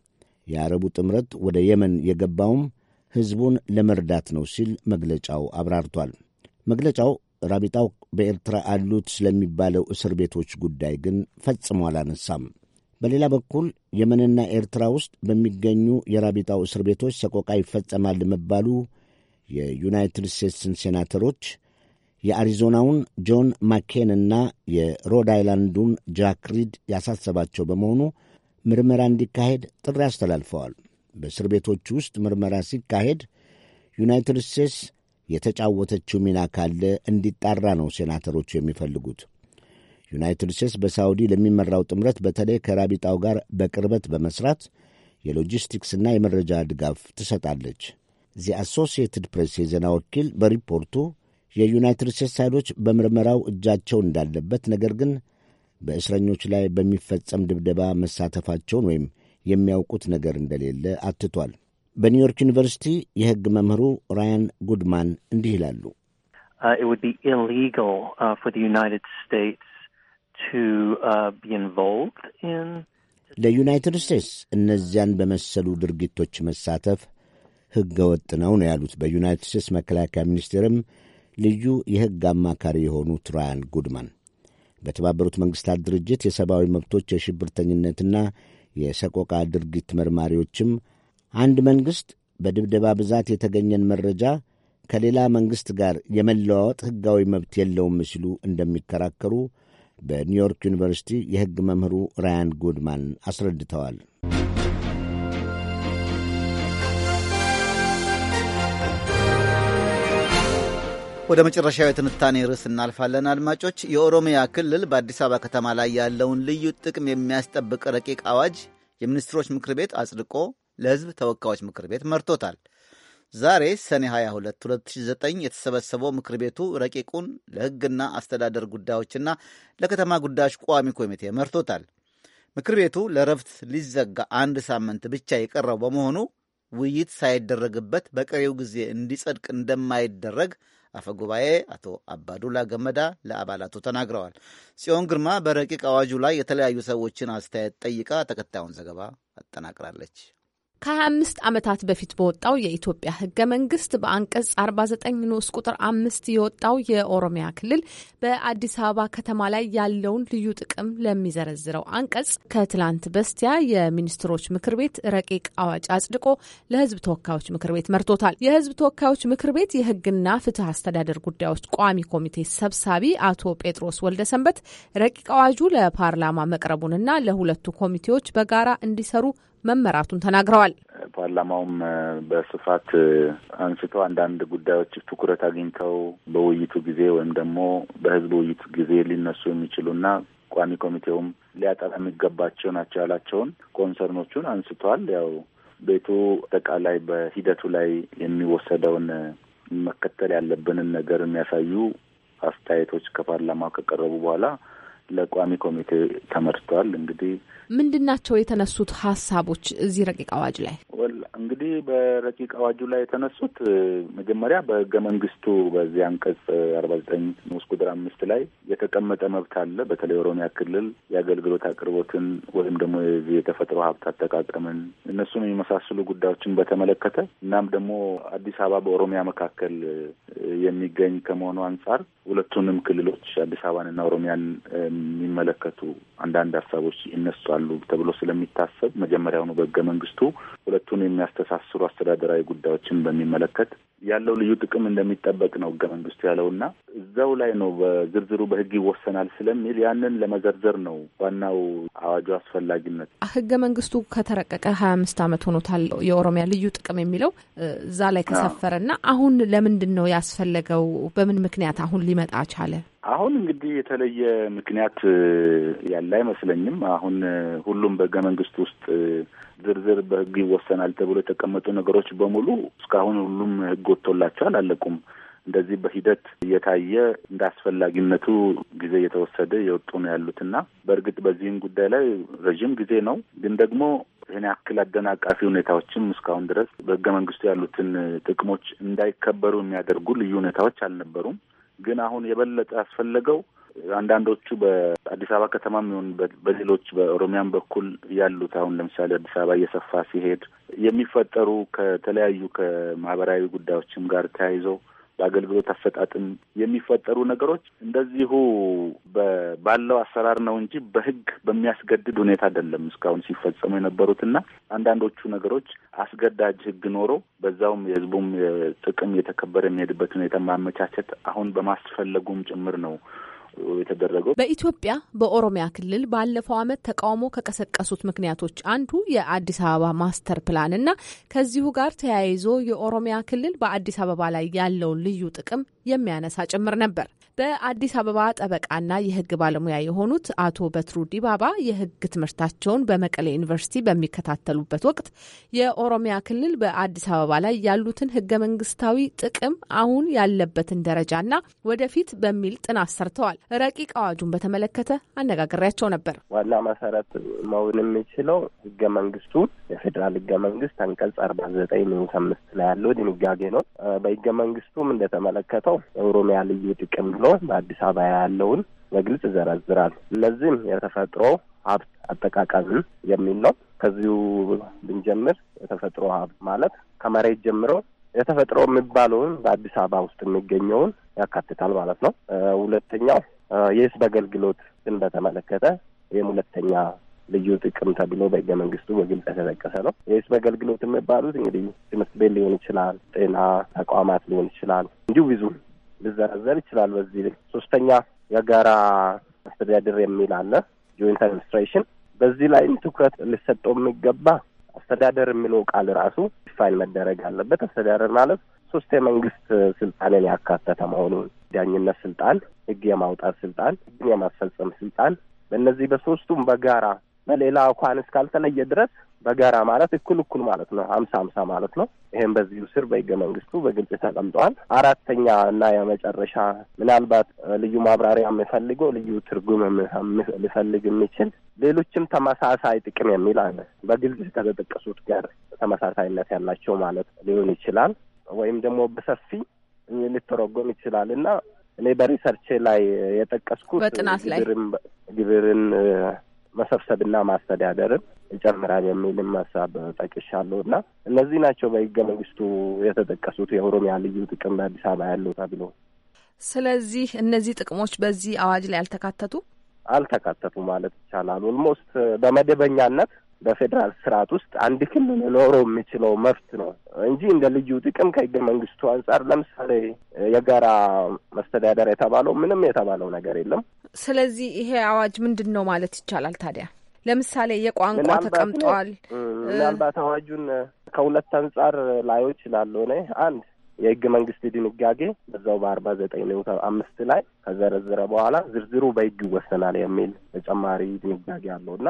የአረቡ ጥምረት ወደ የመን የገባውም ሕዝቡን ለመርዳት ነው ሲል መግለጫው አብራርቷል። መግለጫው ራቢጣው በኤርትራ አሉት ስለሚባለው እስር ቤቶች ጉዳይ ግን ፈጽሞ አላነሳም። በሌላ በኩል የመንና ኤርትራ ውስጥ በሚገኙ የራቢጣው እስር ቤቶች ሰቆቃ ይፈጸማል መባሉ የዩናይትድ ስቴትስን ሴናተሮች የአሪዞናውን ጆን ማኬንና የሮድ አይላንዱን ጃክ ሪድ ያሳሰባቸው በመሆኑ ምርመራ እንዲካሄድ ጥሪ አስተላልፈዋል። በእስር ቤቶች ውስጥ ምርመራ ሲካሄድ ዩናይትድ ስቴትስ የተጫወተችው ሚና ካለ እንዲጣራ ነው ሴናተሮቹ የሚፈልጉት። ዩናይትድ ስቴትስ በሳውዲ ለሚመራው ጥምረት በተለይ ከራቢጣው ጋር በቅርበት በመስራት የሎጂስቲክስና የመረጃ ድጋፍ ትሰጣለች። ዚ አሶሲየትድ ፕሬስ የዜና ወኪል በሪፖርቱ የዩናይትድ ስቴትስ ኃይሎች በምርመራው እጃቸው እንዳለበት፣ ነገር ግን በእስረኞች ላይ በሚፈጸም ድብደባ መሳተፋቸውን ወይም የሚያውቁት ነገር እንደሌለ አትቷል። በኒውዮርክ ዩኒቨርሲቲ የሕግ መምህሩ ራያን ጉድማን እንዲህ ይላሉ። uh, Uh, ለዩናይትድ ስቴትስ እነዚያን በመሰሉ ድርጊቶች መሳተፍ ሕገ ወጥ ነው ነው ያሉት በዩናይትድ ስቴትስ መከላከያ ሚኒስቴርም ልዩ የሕግ አማካሪ የሆኑት ራያን ጉድማን በተባበሩት መንግሥታት ድርጅት የሰብአዊ መብቶች የሽብርተኝነትና የሰቆቃ ድርጊት መርማሪዎችም አንድ መንግሥት በድብደባ ብዛት የተገኘን መረጃ ከሌላ መንግሥት ጋር የመለዋወጥ ሕጋዊ መብት የለውም ሲሉ እንደሚከራከሩ በኒውዮርክ ዩኒቨርሲቲ የሕግ መምህሩ ራያን ጉድማን አስረድተዋል። ወደ መጨረሻው የትንታኔ ርዕስ እናልፋለን አድማጮች። የኦሮሚያ ክልል በአዲስ አበባ ከተማ ላይ ያለውን ልዩ ጥቅም የሚያስጠብቅ ረቂቅ አዋጅ የሚኒስትሮች ምክር ቤት አጽድቆ ለሕዝብ ተወካዮች ምክር ቤት መርቶታል። ዛሬ ሰኔ 22 2009 የተሰበሰበው ምክር ቤቱ ረቂቁን ለሕግና አስተዳደር ጉዳዮችና ለከተማ ጉዳዮች ቋሚ ኮሚቴ መርቶታል። ምክር ቤቱ ለረፍት ሊዘጋ አንድ ሳምንት ብቻ የቀረው በመሆኑ ውይይት ሳይደረግበት በቀሪው ጊዜ እንዲጸድቅ እንደማይደረግ አፈ ጉባኤ አቶ አባዱላ ገመዳ ለአባላቱ ተናግረዋል። ጽዮን ግርማ በረቂቅ አዋጁ ላይ የተለያዩ ሰዎችን አስተያየት ጠይቃ ተከታዩን ዘገባ አጠናቅራለች። ከ25 ዓመታት በፊት በወጣው የኢትዮጵያ ህገ መንግስት በአንቀጽ 49 ንዑስ ቁጥር አምስት የወጣው የኦሮሚያ ክልል በአዲስ አበባ ከተማ ላይ ያለውን ልዩ ጥቅም ለሚዘረዝረው አንቀጽ ከትላንት በስቲያ የሚኒስትሮች ምክር ቤት ረቂቅ አዋጅ አጽድቆ ለህዝብ ተወካዮች ምክር ቤት መርቶታል። የህዝብ ተወካዮች ምክር ቤት የህግና ፍትህ አስተዳደር ጉዳዮች ቋሚ ኮሚቴ ሰብሳቢ አቶ ጴጥሮስ ወልደሰንበት ረቂቅ አዋጁ ለፓርላማ መቅረቡንና ለሁለቱ ኮሚቴዎች በጋራ እንዲሰሩ መመራቱን ተናግረዋል። ፓርላማውም በስፋት አንስቶ አንዳንድ ጉዳዮች ትኩረት አግኝተው በውይይቱ ጊዜ ወይም ደግሞ በህዝብ ውይይቱ ጊዜ ሊነሱ የሚችሉና ቋሚ ኮሚቴውም ሊያጠራ የሚገባቸው ናቸው ያላቸውን ኮንሰርኖቹን አንስቷል። ያው ቤቱ አጠቃላይ በሂደቱ ላይ የሚወሰደውን መከተል ያለብንን ነገር የሚያሳዩ አስተያየቶች ከፓርላማው ከቀረቡ በኋላ ለቋሚ ኮሚቴ ተመርቷል። እንግዲህ ምንድን ናቸው የተነሱት ሀሳቦች እዚህ ረቂቅ አዋጅ ላይ? ወል እንግዲህ በረቂቅ አዋጁ ላይ የተነሱት መጀመሪያ በህገ መንግስቱ በዚህ አንቀጽ አርባ ዘጠኝ ንዑስ ቁጥር አምስት ላይ የተቀመጠ መብት አለ። በተለይ ኦሮሚያ ክልል የአገልግሎት አቅርቦትን ወይም ደግሞ የዚህ የተፈጥሮ ሀብት አጠቃቀምን እነሱን የመሳሰሉ ጉዳዮችን በተመለከተ እናም ደግሞ አዲስ አበባ በኦሮሚያ መካከል የሚገኝ ከመሆኑ አንጻር ሁለቱንም ክልሎች አዲስ አበባንና ኦሮሚያን የሚመለከቱ አንዳንድ ሀሳቦች ይነሳሉ ተብሎ ስለሚታሰብ መጀመሪያውኑ በህገ መንግስቱ ሁለቱን የሚያስተሳስሩ አስተዳደራዊ ጉዳዮችን በሚመለከት ያለው ልዩ ጥቅም እንደሚጠበቅ ነው ህገ መንግስቱ እና እዛው ላይ ነው በዝርዝሩ በህግ ይወሰናል ስለሚል ያንን ለመዘርዘር ነው ዋናው አዋጁ አስፈላጊነት። ህገ መንግስቱ ከተረቀቀ ሀያ አምስት ዓመት ሆኖታል። የኦሮሚያ ልዩ ጥቅም የሚለው እዛ ላይ ከሰፈረ እና አሁን ለምንድን ነው ያስፈለገው? በምን ምክንያት አሁን ሊመጣ ቻለ? አሁን እንግዲህ የተለየ ምክንያት ያለ አይመስለኝም። አሁን ሁሉም በህገ መንግስት ውስጥ ዝርዝር በህግ ይወሰናል ተብሎ የተቀመጡ ነገሮች በሙሉ እስካሁን ሁሉም ህግ ወጥቶላቸው አላለቁም። እንደዚህ በሂደት እየታየ እንደ አስፈላጊነቱ ጊዜ እየተወሰደ የወጡ ነው ያሉትና በእርግጥ በዚህም ጉዳይ ላይ ረዥም ጊዜ ነው፣ ግን ደግሞ ይህን ያክል አደናቃፊ ሁኔታዎችም እስካሁን ድረስ በህገ መንግስቱ ያሉትን ጥቅሞች እንዳይከበሩ የሚያደርጉ ልዩ ሁኔታዎች አልነበሩም። ግን አሁን የበለጠ ያስፈለገው አንዳንዶቹ በአዲስ አበባ ከተማ ይሁን በሌሎች በኦሮሚያን በኩል ያሉት አሁን ለምሳሌ አዲስ አበባ እየሰፋ ሲሄድ የሚፈጠሩ ከተለያዩ ከማህበራዊ ጉዳዮችም ጋር ተያይዘው በአገልግሎት አፈጣጥን የሚፈጠሩ ነገሮች እንደዚሁ ባለው አሰራር ነው እንጂ በህግ በሚያስገድድ ሁኔታ አይደለም እስካሁን ሲፈጸሙ የነበሩትና አንዳንዶቹ ነገሮች አስገዳጅ ህግ ኖሮ በዛውም የህዝቡም ጥቅም እየተከበረ የሚሄድበት ሁኔታ ማመቻቸት አሁን በማስፈለጉም ጭምር ነው የተደረገው። በኢትዮጵያ በኦሮሚያ ክልል ባለፈው ዓመት ተቃውሞ ከቀሰቀሱት ምክንያቶች አንዱ የአዲስ አበባ ማስተር ፕላን እና ከዚሁ ጋር ተያይዞ የኦሮሚያ ክልል በአዲስ አበባ ላይ ያለውን ልዩ ጥቅም የሚያነሳ ጭምር ነበር። በአዲስ አበባ ጠበቃና የህግ ባለሙያ የሆኑት አቶ በትሩ ዲባባ የህግ ትምህርታቸውን በመቀሌ ዩኒቨርሲቲ በሚከታተሉበት ወቅት የኦሮሚያ ክልል በአዲስ አበባ ላይ ያሉትን ህገ መንግስታዊ ጥቅም፣ አሁን ያለበትን ደረጃና ወደፊት በሚል ጥናት ሰርተዋል። ረቂቅ አዋጁን በተመለከተ አነጋግሬያቸው ነበር። ዋና መሰረት መሆን የሚችለው ህገ መንግስቱ የፌዴራል ህገ መንግስት አንቀጽ አርባ ዘጠኝ ንዑስ አምስት ላይ ያለው ድንጋጌ ነው። በህገ መንግስቱም እንደተመለከተው የኦሮሚያ ልዩ ጥቅም ብሎ በአዲስ አበባ ያለውን በግልጽ ይዘረዝራል። እነዚህም የተፈጥሮ ሀብት አጠቃቀምን የሚል ነው። ከዚሁ ብንጀምር የተፈጥሮ ሀብት ማለት ከመሬት ጀምሮ የተፈጥሮ የሚባለውን በአዲስ አበባ ውስጥ የሚገኘውን ያካትታል ማለት ነው። ሁለተኛው የህዝብ አገልግሎትን በተመለከተ ይህም ሁለተኛ ልዩ ጥቅም ተብሎ በህገ መንግስቱ በግልጽ የተጠቀሰ ነው። የህዝብ አገልግሎት የሚባሉት እንግዲህ ትምህርት ቤት ሊሆን ይችላል፣ ጤና ተቋማት ሊሆን ይችላል፣ እንዲሁ ብዙ ሊዘረዘር ይችላል። በዚህ ልክ ሶስተኛ የጋራ አስተዳደር የሚል አለ ጆይንት አድሚኒስትሬሽን። በዚህ ላይም ትኩረት ሊሰጠው የሚገባ አስተዳደር የሚለው ቃል ራሱ ዲፋይን መደረግ አለበት። አስተዳደር ማለት ሶስት የመንግስት ስልጣንን ያካተተ መሆኑን ዳኝነት ስልጣን፣ ህግ የማውጣት ስልጣን፣ ህግን የማስፈጸም ስልጣን በእነዚህ በሶስቱም በጋራ በሌላ አኳን እስካልተለየ ድረስ በጋራ ማለት እኩል እኩል ማለት ነው። ሀምሳ ሀምሳ ማለት ነው። ይህም በዚሁ ስር በህገ መንግስቱ በግልጽ ተቀምጠዋል። አራተኛ እና የመጨረሻ ምናልባት ልዩ ማብራሪያ የምፈልገው ልዩ ትርጉም ሊፈልግ የሚችል ሌሎችም ተመሳሳይ ጥቅም የሚል አለ። በግልጽ ከተጠቀሱት ጋር ተመሳሳይነት ያላቸው ማለት ሊሆን ይችላል ወይም ደግሞ በሰፊ ሊተረጎም ይችላል እና እኔ በሪሰርቼ ላይ የጠቀስኩት በጥናት ላይ ግብርን መሰብሰብና ማስተዳደርን ይጨምራል የሚልም ሀሳብ ጠቅሻለሁ እና እነዚህ ናቸው በህገ መንግስቱ የተጠቀሱት የኦሮሚያ ልዩ ጥቅም በአዲስ አበባ ያለው ተብሎ። ስለዚህ እነዚህ ጥቅሞች በዚህ አዋጅ ላይ አልተካተቱ አልተካተቱ ማለት ይቻላል ኦልሞስት በመደበኛነት በፌዴራል ስርዓት ውስጥ አንድ ክልል ሊኖረው የሚችለው መብት ነው እንጂ እንደ ልዩ ጥቅም ከህገ መንግስቱ አንጻር ለምሳሌ የጋራ መስተዳደር የተባለው ምንም የተባለው ነገር የለም። ስለዚህ ይሄ አዋጅ ምንድን ነው ማለት ይቻላል ታዲያ? ለምሳሌ የቋንቋ ተቀምጠዋል። ምናልባት አዋጁን ከሁለት አንጻር ላዩ ይችላሉ። ሆነ አንድ የህገ መንግስት ድንጋጌ በዛው በአርባ ዘጠኝ ንዑስ አምስት ላይ ከዘረዘረ በኋላ ዝርዝሩ በህግ ይወሰናል የሚል ተጨማሪ ድንጋጌ አለው እና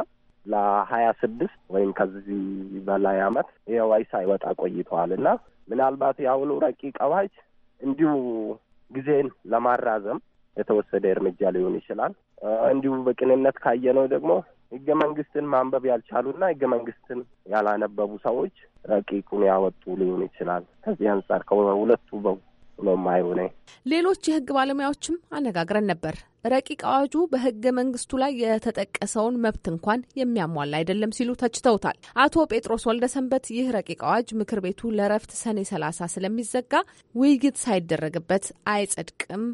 ለሀያ ስድስት ወይም ከዚህ በላይ አመት ይኸው ሳይወጣ ቆይተዋል እና ምናልባት የአሁኑ ረቂቅ አዋጅ እንዲሁ ጊዜን ለማራዘም የተወሰደ እርምጃ ሊሆን ይችላል። እንዲሁ በቅንነት ካየነው ደግሞ ህገ መንግስትን ማንበብ ያልቻሉና ህገ መንግስትን ያላነበቡ ሰዎች ረቂቁን ያወጡ ሊሆን ይችላል። ከዚህ አንጻር ከሁለቱ በው ነው የማይሆነ ሌሎች የህግ ባለሙያዎችም አነጋግረን ነበር። ረቂቅ አዋጁ በህገ መንግስቱ ላይ የተጠቀሰውን መብት እንኳን የሚያሟላ አይደለም ሲሉ ተችተውታል። አቶ ጴጥሮስ ወልደሰንበት ይህ ረቂቅ አዋጅ ምክር ቤቱ ለረፍት ሰኔ ሰላሳ ስለሚዘጋ ውይይት ሳይደረግበት አይጸድቅም፣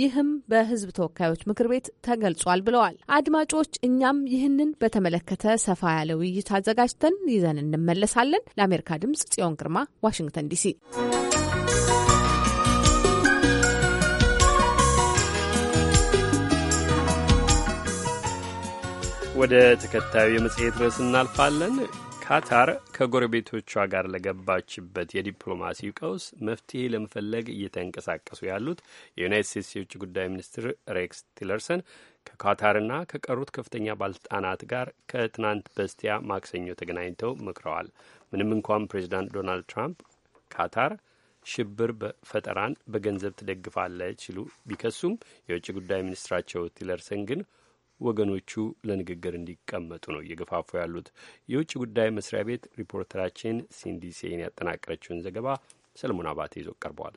ይህም በህዝብ ተወካዮች ምክር ቤት ተገልጿል ብለዋል። አድማጮች፣ እኛም ይህንን በተመለከተ ሰፋ ያለ ውይይት አዘጋጅተን ይዘን እንመለሳለን። ለአሜሪካ ድምጽ ጽዮን ግርማ ዋሽንግተን ዲሲ። ወደ ተከታዩ የመጽሔት ርዕስ እናልፋለን። ካታር ከጎረቤቶቿ ጋር ለገባችበት የዲፕሎማሲ ቀውስ መፍትሄ ለመፈለግ እየተንቀሳቀሱ ያሉት የዩናይት ስቴትስ የውጭ ጉዳይ ሚኒስትር ሬክስ ቲለርሰን ከካታርና ከቀሩት ከፍተኛ ባለስልጣናት ጋር ከትናንት በስቲያ ማክሰኞ ተገናኝተው መክረዋል። ምንም እንኳን ፕሬዚዳንት ዶናልድ ትራምፕ ካታር ሽብር ፈጠራን በገንዘብ ትደግፋለች ሲሉ ቢከሱም የውጭ ጉዳይ ሚኒስትራቸው ቲለርሰን ግን ወገኖቹ ለንግግር እንዲቀመጡ ነው እየገፋፉ ያሉት። የውጭ ጉዳይ መስሪያ ቤት ሪፖርተራችን ሲንዲሴን ያጠናቀረችውን ዘገባ ሰለሞን አባቴ ይዞ ቀርበዋል።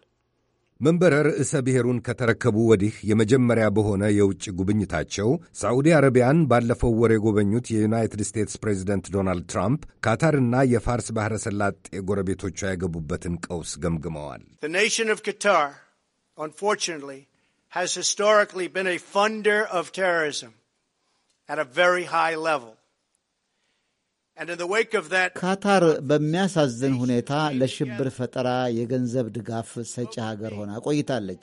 መንበረ ርዕሰ ብሔሩን ከተረከቡ ወዲህ የመጀመሪያ በሆነ የውጭ ጉብኝታቸው ሳዑዲ አረቢያን ባለፈው ወር የጎበኙት የዩናይትድ ስቴትስ ፕሬዚደንት ዶናልድ ትራምፕ ካታርና የፋርስ ባሕረ ሰላጤ ጎረቤቶቿ የገቡበትን ቀውስ ገምግመዋል። at a very high level. ካታር በሚያሳዝን ሁኔታ ለሽብር ፈጠራ የገንዘብ ድጋፍ ሰጪ ሀገር ሆና ቆይታለች።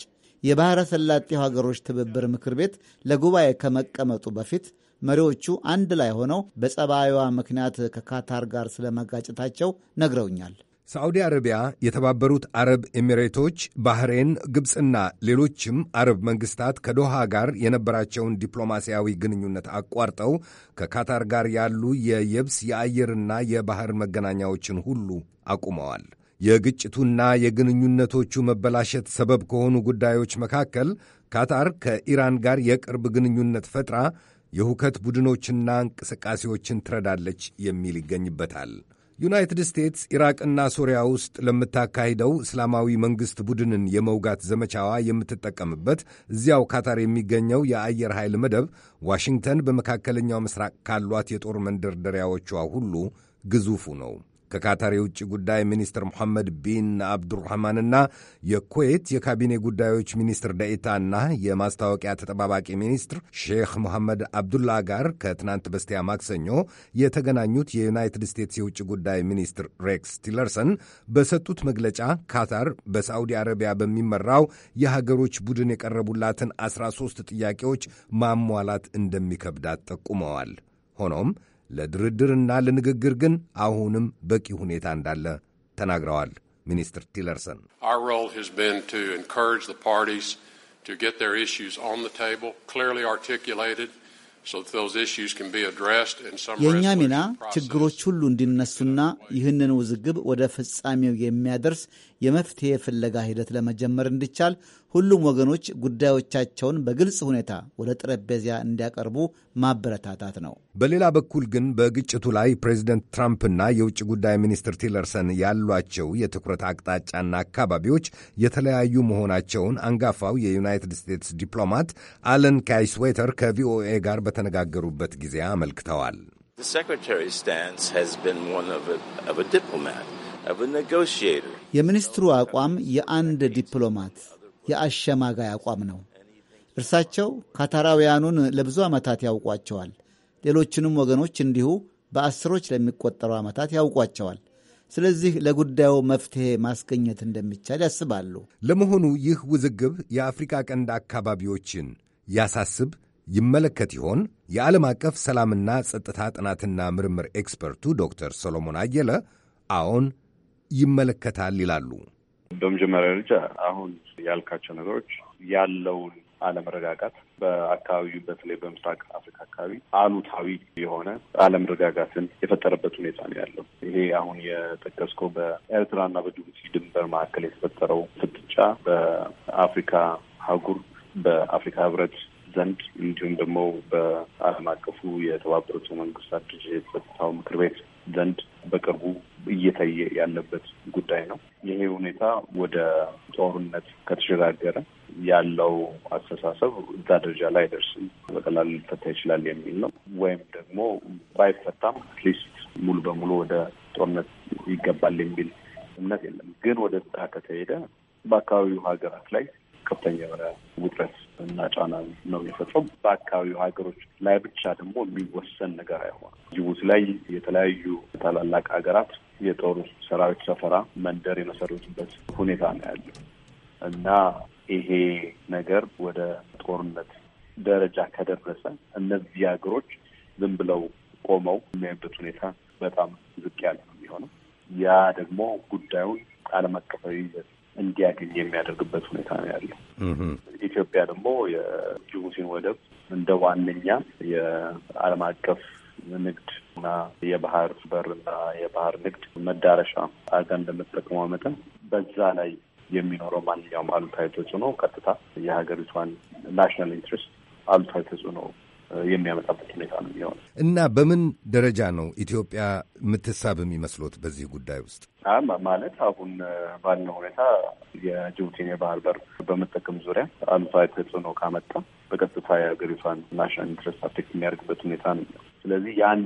የባሕረ ሰላጤው ሀገሮች ትብብር ምክር ቤት ለጉባኤ ከመቀመጡ በፊት መሪዎቹ አንድ ላይ ሆነው በጸባዩዋ ምክንያት ከካታር ጋር ስለመጋጨታቸው ነግረውኛል። ሳዑዲ አረቢያ፣ የተባበሩት አረብ ኤሚሬቶች፣ ባህሬን፣ ግብፅና ሌሎችም አረብ መንግስታት ከዶሃ ጋር የነበራቸውን ዲፕሎማሲያዊ ግንኙነት አቋርጠው ከካታር ጋር ያሉ የየብስ የአየርና የባህር መገናኛዎችን ሁሉ አቁመዋል። የግጭቱና የግንኙነቶቹ መበላሸት ሰበብ ከሆኑ ጉዳዮች መካከል ካታር ከኢራን ጋር የቅርብ ግንኙነት ፈጥራ የሁከት ቡድኖችና እንቅስቃሴዎችን ትረዳለች የሚል ይገኝበታል። ዩናይትድ ስቴትስ ኢራቅና ሶሪያ ውስጥ ለምታካሂደው እስላማዊ መንግሥት ቡድንን የመውጋት ዘመቻዋ የምትጠቀምበት እዚያው ካታር የሚገኘው የአየር ኃይል መደብ ዋሽንግተን በመካከለኛው ምስራቅ ካሏት የጦር መንደርደሪያዎቿ ሁሉ ግዙፉ ነው። ከካታር የውጭ ጉዳይ ሚኒስትር ሙሐመድ ቢን አብዱራህማንና የኩዌት የካቢኔ ጉዳዮች ሚኒስትር ደኢታና የማስታወቂያ ተጠባባቂ ሚኒስትር ሼክ ሙሐመድ አብዱላ ጋር ከትናንት በስቲያ ማክሰኞ የተገናኙት የዩናይትድ ስቴትስ የውጭ ጉዳይ ሚኒስትር ሬክስ ቲለርሰን በሰጡት መግለጫ ካታር በሳዑዲ አረቢያ በሚመራው የሀገሮች ቡድን የቀረቡላትን 13 ጥያቄዎች ማሟላት እንደሚከብዳት ጠቁመዋል። ሆኖም ለድርድርና ለንግግር ግን አሁንም በቂ ሁኔታ እንዳለ ተናግረዋል። ሚኒስትር ቲለርሰን የእኛ ሚና ችግሮች ሁሉ እንዲነሱና ይህንን ውዝግብ ወደ ፍጻሜው የሚያደርስ የመፍትሄ ፍለጋ ሂደት ለመጀመር እንዲቻል ሁሉም ወገኖች ጉዳዮቻቸውን በግልጽ ሁኔታ ወደ ጠረጴዛ እንዲያቀርቡ ማበረታታት ነው። በሌላ በኩል ግን በግጭቱ ላይ ፕሬዚደንት ትራምፕና የውጭ ጉዳይ ሚኒስትር ቲለርሰን ያሏቸው የትኩረት አቅጣጫና አካባቢዎች የተለያዩ መሆናቸውን አንጋፋው የዩናይትድ ስቴትስ ዲፕሎማት አለን ካይስዌተር ከቪኦኤ ጋር በተነጋገሩበት ጊዜ አመልክተዋል። የሚኒስትሩ አቋም የአንድ ዲፕሎማት የአሸማጋይ አቋም ነው። እርሳቸው ካታራውያኑን ለብዙ ዓመታት ያውቋቸዋል። ሌሎችንም ወገኖች እንዲሁ በአስሮች ለሚቆጠሩ ዓመታት ያውቋቸዋል። ስለዚህ ለጉዳዩ መፍትሔ ማስገኘት እንደሚቻል ያስባሉ። ለመሆኑ ይህ ውዝግብ የአፍሪካ ቀንድ አካባቢዎችን ያሳስብ ይመለከት ይሆን? የዓለም አቀፍ ሰላምና ጸጥታ ጥናትና ምርምር ኤክስፐርቱ ዶክተር ሰሎሞን አየለ አዎን ይመለከታል ይላሉ። በመጀመሪያ ደረጃ አሁን ያልካቸው ነገሮች ያለውን አለመረጋጋት በአካባቢው በተለይ በምስራቅ አፍሪካ አካባቢ አሉታዊ የሆነ አለመረጋጋትን የፈጠረበት ሁኔታ ነው ያለው። ይሄ አሁን የጠቀስከው በኤርትራና በጅቡቲ ድንበር መካከል የተፈጠረው ፍጥጫ በአፍሪካ አህጉር በአፍሪካ ህብረት ዘንድ እንዲሁም ደግሞ በዓለም አቀፉ የተባበሩት መንግስታት ድርጅት የጸጥታው ምክር ቤት ዘንድ በቅርቡ እየታየ ያለበት ጉዳይ ነው። ይሄ ሁኔታ ወደ ጦርነት ከተሸጋገረ ያለው አስተሳሰብ እዛ ደረጃ ላይ አይደርስም፣ በቀላሉ ሊፈታ ይችላል የሚል ነው። ወይም ደግሞ ባይፈታም አትሊስት ሙሉ በሙሉ ወደ ጦርነት ይገባል የሚል እምነት የለም። ግን ወደ ዛ ከተሄደ በአካባቢው ሀገራት ላይ ከፍተኛ የሆነ ውጥረት እና ጫና ነው የፈጥረው። በአካባቢው ሀገሮች ላይ ብቻ ደግሞ የሚወሰን ነገር አይሆንም። ጅቡቲ ላይ የተለያዩ ታላላቅ ሀገራት የጦር ሰራዊት ሰፈራ መንደር የመሰረቱበት ሁኔታ ነው ያለው እና ይሄ ነገር ወደ ጦርነት ደረጃ ከደረሰ እነዚህ ሀገሮች ዝም ብለው ቆመው የሚያዩበት ሁኔታ በጣም ዝቅ ያለ ነው የሚሆነው። ያ ደግሞ ጉዳዩን ዓለም አቀፋዊ ይዘት እንዲያገኝ የሚያደርግበት ሁኔታ ነው ያለው። ኢትዮጵያ ደግሞ የጅቡቲን ወደብ እንደ ዋነኛ የዓለም አቀፍ ንግድ እና የባህር በርና የባህር ንግድ መዳረሻ አድርጋ እንደምትጠቅመው መጠን በዛ ላይ የሚኖረው ማንኛውም አሉታዊ ተጽዕኖ ቀጥታ የሀገሪቷን ናሽናል ኢንትረስት አሉታዊ ተጽዕኖ የሚያመጣበት ሁኔታ ነው የሚሆነ እና በምን ደረጃ ነው ኢትዮጵያ የምትሳብ የሚመስሎት በዚህ ጉዳይ ውስጥ? ማለት አሁን ባለው ሁኔታ የጅቡቲን የባህር በር በመጠቀም ዙሪያ አሉታዊ ተጽዕኖ ካመጣ በቀጥታ የሀገሪቷን ናሽናል ኢንትረስት አፌክት የሚያደርግበት ሁኔታ ነው። ስለዚህ ያን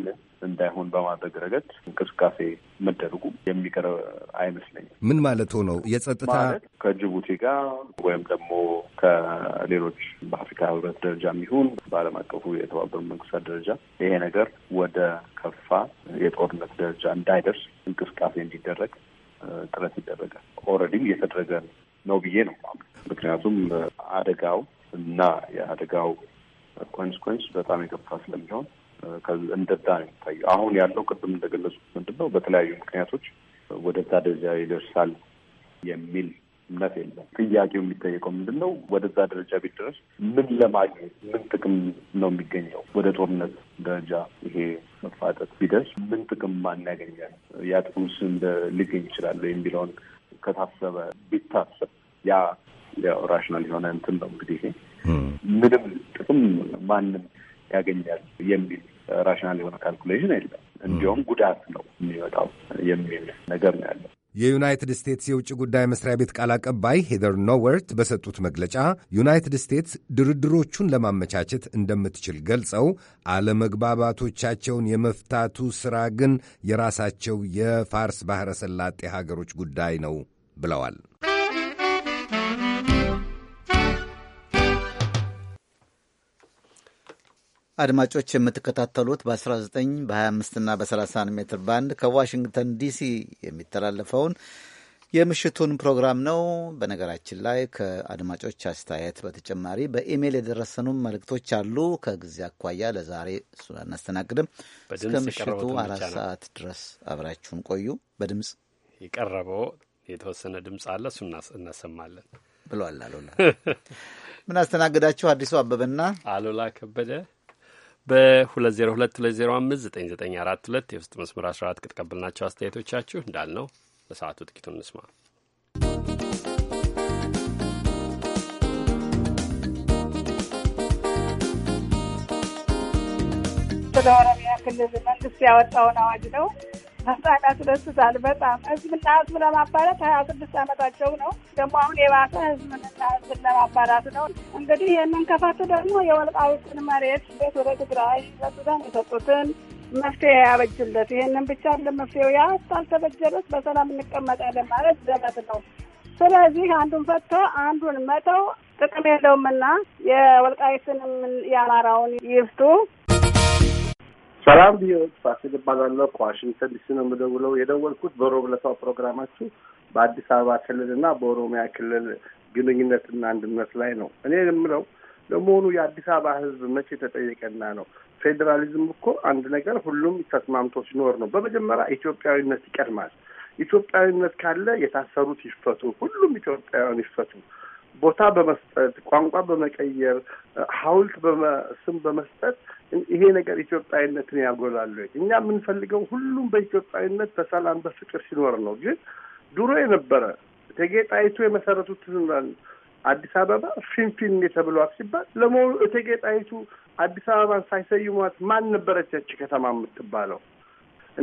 እንዳይሆን በማድረግ ረገድ እንቅስቃሴ መደረጉ የሚቀር አይመስለኝም። ምን ማለት ነው? የጸጥታ ከጅቡቲ ጋር ወይም ደግሞ ከሌሎች በአፍሪካ ህብረት ደረጃ የሚሆን በዓለም አቀፉ የተባበሩ መንግስታት ደረጃ ይሄ ነገር ወደ ከፋ የጦርነት ደረጃ እንዳይደርስ እንቅስቃሴ እንዲደረግ ጥረት ይደረጋል። ኦልሬዲም እየተደረገ ነው ብዬ ነው። ምክንያቱም አደጋው እና የአደጋው ኮንስኮንስ በጣም የከፋ ስለሚሆን እንደዛ ነው የሚታየው። አሁን ያለው ቅድም እንደገለጹት ምንድን ነው በተለያዩ ምክንያቶች ወደዛ ደረጃ ይደርሳል የሚል እምነት የለም። ጥያቄው የሚጠየቀው ምንድን ነው? ወደዛ ደረጃ ቢደረስ ምን ለማግኘት ምን ጥቅም ነው የሚገኘው? ወደ ጦርነት ደረጃ ይሄ መፋጠጥ ቢደርስ ምን ጥቅም ማን ያገኛል? ያ ጥቅምስ ሊገኝ ይችላል የሚለውን ከታሰበ ቢታሰብ ያ ያው ራሽናል የሆነ እንትን ነው እንግዲህ ምንም ጥቅም ማንም ያገኛል የሚል ራሽናል የሆነ ካልኩሌሽን የለም። እንዲሁም ጉዳት ነው የሚመጣው የሚል ነገር ነው ያለው። የዩናይትድ ስቴትስ የውጭ ጉዳይ መስሪያ ቤት ቃል አቀባይ ሄደር ኖወርት በሰጡት መግለጫ ዩናይትድ ስቴትስ ድርድሮቹን ለማመቻቸት እንደምትችል ገልጸው አለመግባባቶቻቸውን የመፍታቱ ሥራ ግን የራሳቸው የፋርስ ባሕረ ሰላጤ ሀገሮች ጉዳይ ነው ብለዋል። አድማጮች የምትከታተሉት በ19 በ25ና በ 30 ሜትር ባንድ ከዋሽንግተን ዲሲ የሚተላለፈውን የምሽቱን ፕሮግራም ነው። በነገራችን ላይ ከአድማጮች አስተያየት በተጨማሪ በኢሜይል የደረሰኑም መልእክቶች አሉ። ከጊዜ አኳያ ለዛሬ እሱን አናስተናግድም። እስከ ምሽቱ አራት ሰዓት ድረስ አብራችሁን ቆዩ። በድምፅ የቀረበው የተወሰነ ድምፅ አለ፣ እሱ እናሰማለን ብሏል አሉላ። አስተናግዳችሁ አዲሱ አበበና አሉላ ከበደ በ2022059942 የውስጥ መስመር 14 ከተቀበልናቸው አስተያየቶቻችሁ እንዳልነው ለሰዓቱ ጥቂቱን እንስማ። ወደ ኦሮሚያ ክልል መንግስት ያወጣውን አዋጅ ነው መሳቃት ደስታል በጣም ህዝብና ህዝብ ለማባላት ሀያ ስድስት ዓመታቸው ነው። ደግሞ አሁን የባሰ ህዝብንና ህዝብን ለማባላት ነው። እንግዲህ ይህንን ከፈቱ ደግሞ የወልቃዊትን መሬት ቤት ወደ ትግራይ ለሱዳን የሰጡትን መፍትሄ ያበጅለት። ይህንን ብቻ አለ መፍትሄው ያ እስካልተበጀለት በሰላም እንቀመጣለን ማለት ዘመት ነው። ስለዚህ አንዱን ፈቶ አንዱን መተው ጥቅም የለውምና የወልቃይትንም የአማራውን ይፍቱ። ሰላም ቢዎች ፋሲል እባላለሁ። ከዋሽንግተን ዲሲ ነው የምደውለው። የደወልኩት በሮብለታው ፕሮግራማችሁ በአዲስ አበባ ክልል እና በኦሮሚያ ክልል ግንኙነትና አንድነት ላይ ነው። እኔ የምለው ለመሆኑ የአዲስ አበባ ሕዝብ መቼ የተጠየቀና ነው? ፌዴራሊዝም እኮ አንድ ነገር ሁሉም ተስማምቶ ሲኖር ነው። በመጀመሪያ ኢትዮጵያዊነት ይቀድማል። ኢትዮጵያዊነት ካለ የታሰሩት ይፈቱ፣ ሁሉም ኢትዮጵያውያን ይፈቱ። ቦታ በመስጠት ቋንቋ በመቀየር ሀውልት ስም በመስጠት ይሄ ነገር ኢትዮጵያዊነትን ያጎላሉ። እኛ የምንፈልገው ሁሉም በኢትዮጵያዊነት በሰላም በፍቅር ሲኖር ነው። ግን ድሮ የነበረ እቴጌ ጣይቱ የመሰረቱትን አዲስ አበባ ፊንፊን የተብሏት ሲባል ለመሆኑ እቴጌ ጣይቱ አዲስ አበባን ሳይሰይሟት ማን ነበረች ያቺ ከተማ የምትባለው?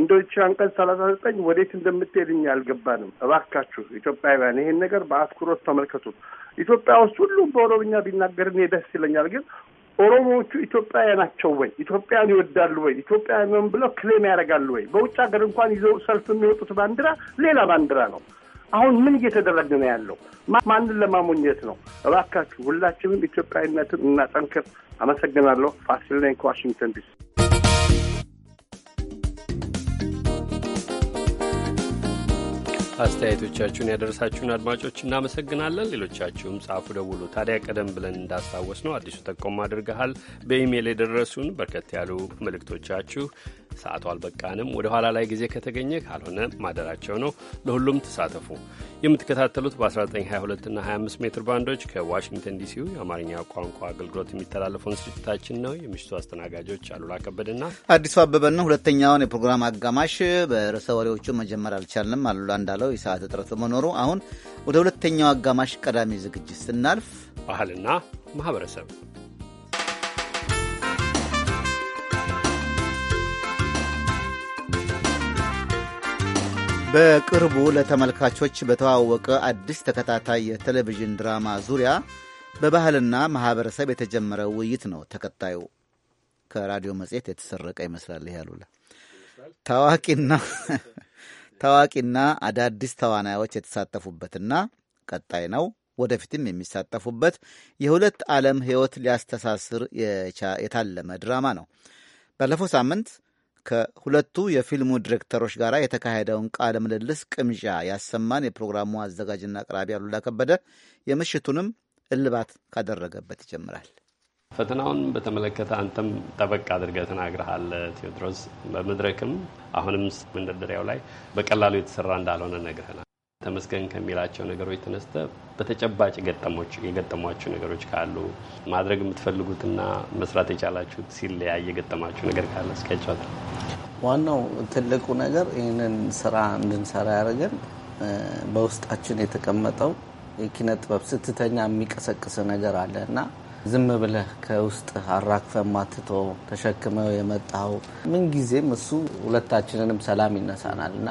እንደዎቹ አንቀጽ ሰላሳ ዘጠኝ ወዴት እንደምትሄድኝ አልገባንም። እባካችሁ ኢትዮጵያውያን ይሄን ነገር በአትኩሮት ተመልከቱት። ኢትዮጵያ ውስጥ ሁሉም በኦሮምኛ ቢናገር እኔ ደስ ይለኛል። ግን ኦሮሞዎቹ ኢትዮጵያውያን ናቸው ወይ? ኢትዮጵያን ይወዳሉ ወይ? ኢትዮጵያውያን ብለው ክሌም ያደርጋሉ ወይ? በውጭ ሀገር እንኳን ይዘው ሰልፍ የሚወጡት ባንዲራ ሌላ ባንዲራ ነው። አሁን ምን እየተደረገ ነው ያለው? ማንን ለማሞኘት ነው? እባካችሁ ሁላችንም ኢትዮጵያዊነትን እናጠንክር። አመሰግናለሁ። ፋሲል ነኝ ከዋሽንግተን ዲሲ። አስተያየቶቻችሁን ያደረሳችሁን አድማጮች እናመሰግናለን። ሌሎቻችሁም ጻፉ፣ ደውሉ። ታዲያ ቀደም ብለን እንዳስታወስ ነው አዲሱ ጠቆም አድርገሃል። በኢሜይል የደረሱን በርከት ያሉ መልእክቶቻችሁ ሰዓቱ አልበቃንም። ወደ ኋላ ላይ ጊዜ ከተገኘ ካልሆነ ማደራቸው ነው። ለሁሉም ተሳተፉ። የምትከታተሉት በ1922 እና 25 ሜትር ባንዶች ከዋሽንግተን ዲሲው የአማርኛ ቋንቋ አገልግሎት የሚተላለፈውን ስርጭታችን ነው። የምሽቱ አስተናጋጆች አሉላ ከበድና አዲሱ አበበን ነው። ሁለተኛውን የፕሮግራም አጋማሽ በርዕሰ ወሬዎቹ መጀመር አልቻልንም። አሉላ እንዳለው የሰዓት እጥረት በመኖሩ አሁን ወደ ሁለተኛው አጋማሽ ቀዳሚ ዝግጅት ስናልፍ ባህልና ማህበረሰብ በቅርቡ ለተመልካቾች በተዋወቀ አዲስ ተከታታይ የቴሌቪዥን ድራማ ዙሪያ በባህልና ማህበረሰብ የተጀመረ ውይይት ነው። ተከታዩ ከራዲዮ መጽሔት የተሰረቀ ይመስላል። ያሉለ ታዋቂና ታዋቂና አዳዲስ ተዋናዮች የተሳተፉበትና ቀጣይ ነው ወደፊትም የሚሳተፉበት የሁለት ዓለም ሕይወት ሊያስተሳስር የታለመ ድራማ ነው። ባለፈው ሳምንት ከሁለቱ የፊልሙ ዲሬክተሮች ጋር የተካሄደውን ቃለ ምልልስ ቅምዣ ያሰማን የፕሮግራሙ አዘጋጅና አቅራቢ አሉላ ከበደ የምሽቱንም እልባት ካደረገበት ይጀምራል። ፈተናውን በተመለከተ አንተም ጠበቅ አድርገህ ተናግረሃል ቴዎድሮስ። በመድረክም አሁንም መንደርደሪያው ላይ በቀላሉ የተሰራ እንዳልሆነ ነግረናል። ተመስገን ከሚላቸው ነገሮች ተነስተ በተጨባጭ የገጠሟችሁ ነገሮች ካሉ ማድረግ የምትፈልጉትና መስራት የቻላችሁት ሲለያይ የገጠማችሁ ነገር ካለ እስኪያጫውታ። ዋናው ትልቁ ነገር ይህንን ስራ እንድንሰራ ያደርገን በውስጣችን የተቀመጠው የኪነ ጥበብ ስትተኛ የሚቀሰቅስ ነገር አለ እና ዝም ብለህ ከውስጥ አራክፈ ማትቶ ተሸክመው የመጣው ምንጊዜም እሱ ሁለታችንንም ሰላም ይነሳናል እና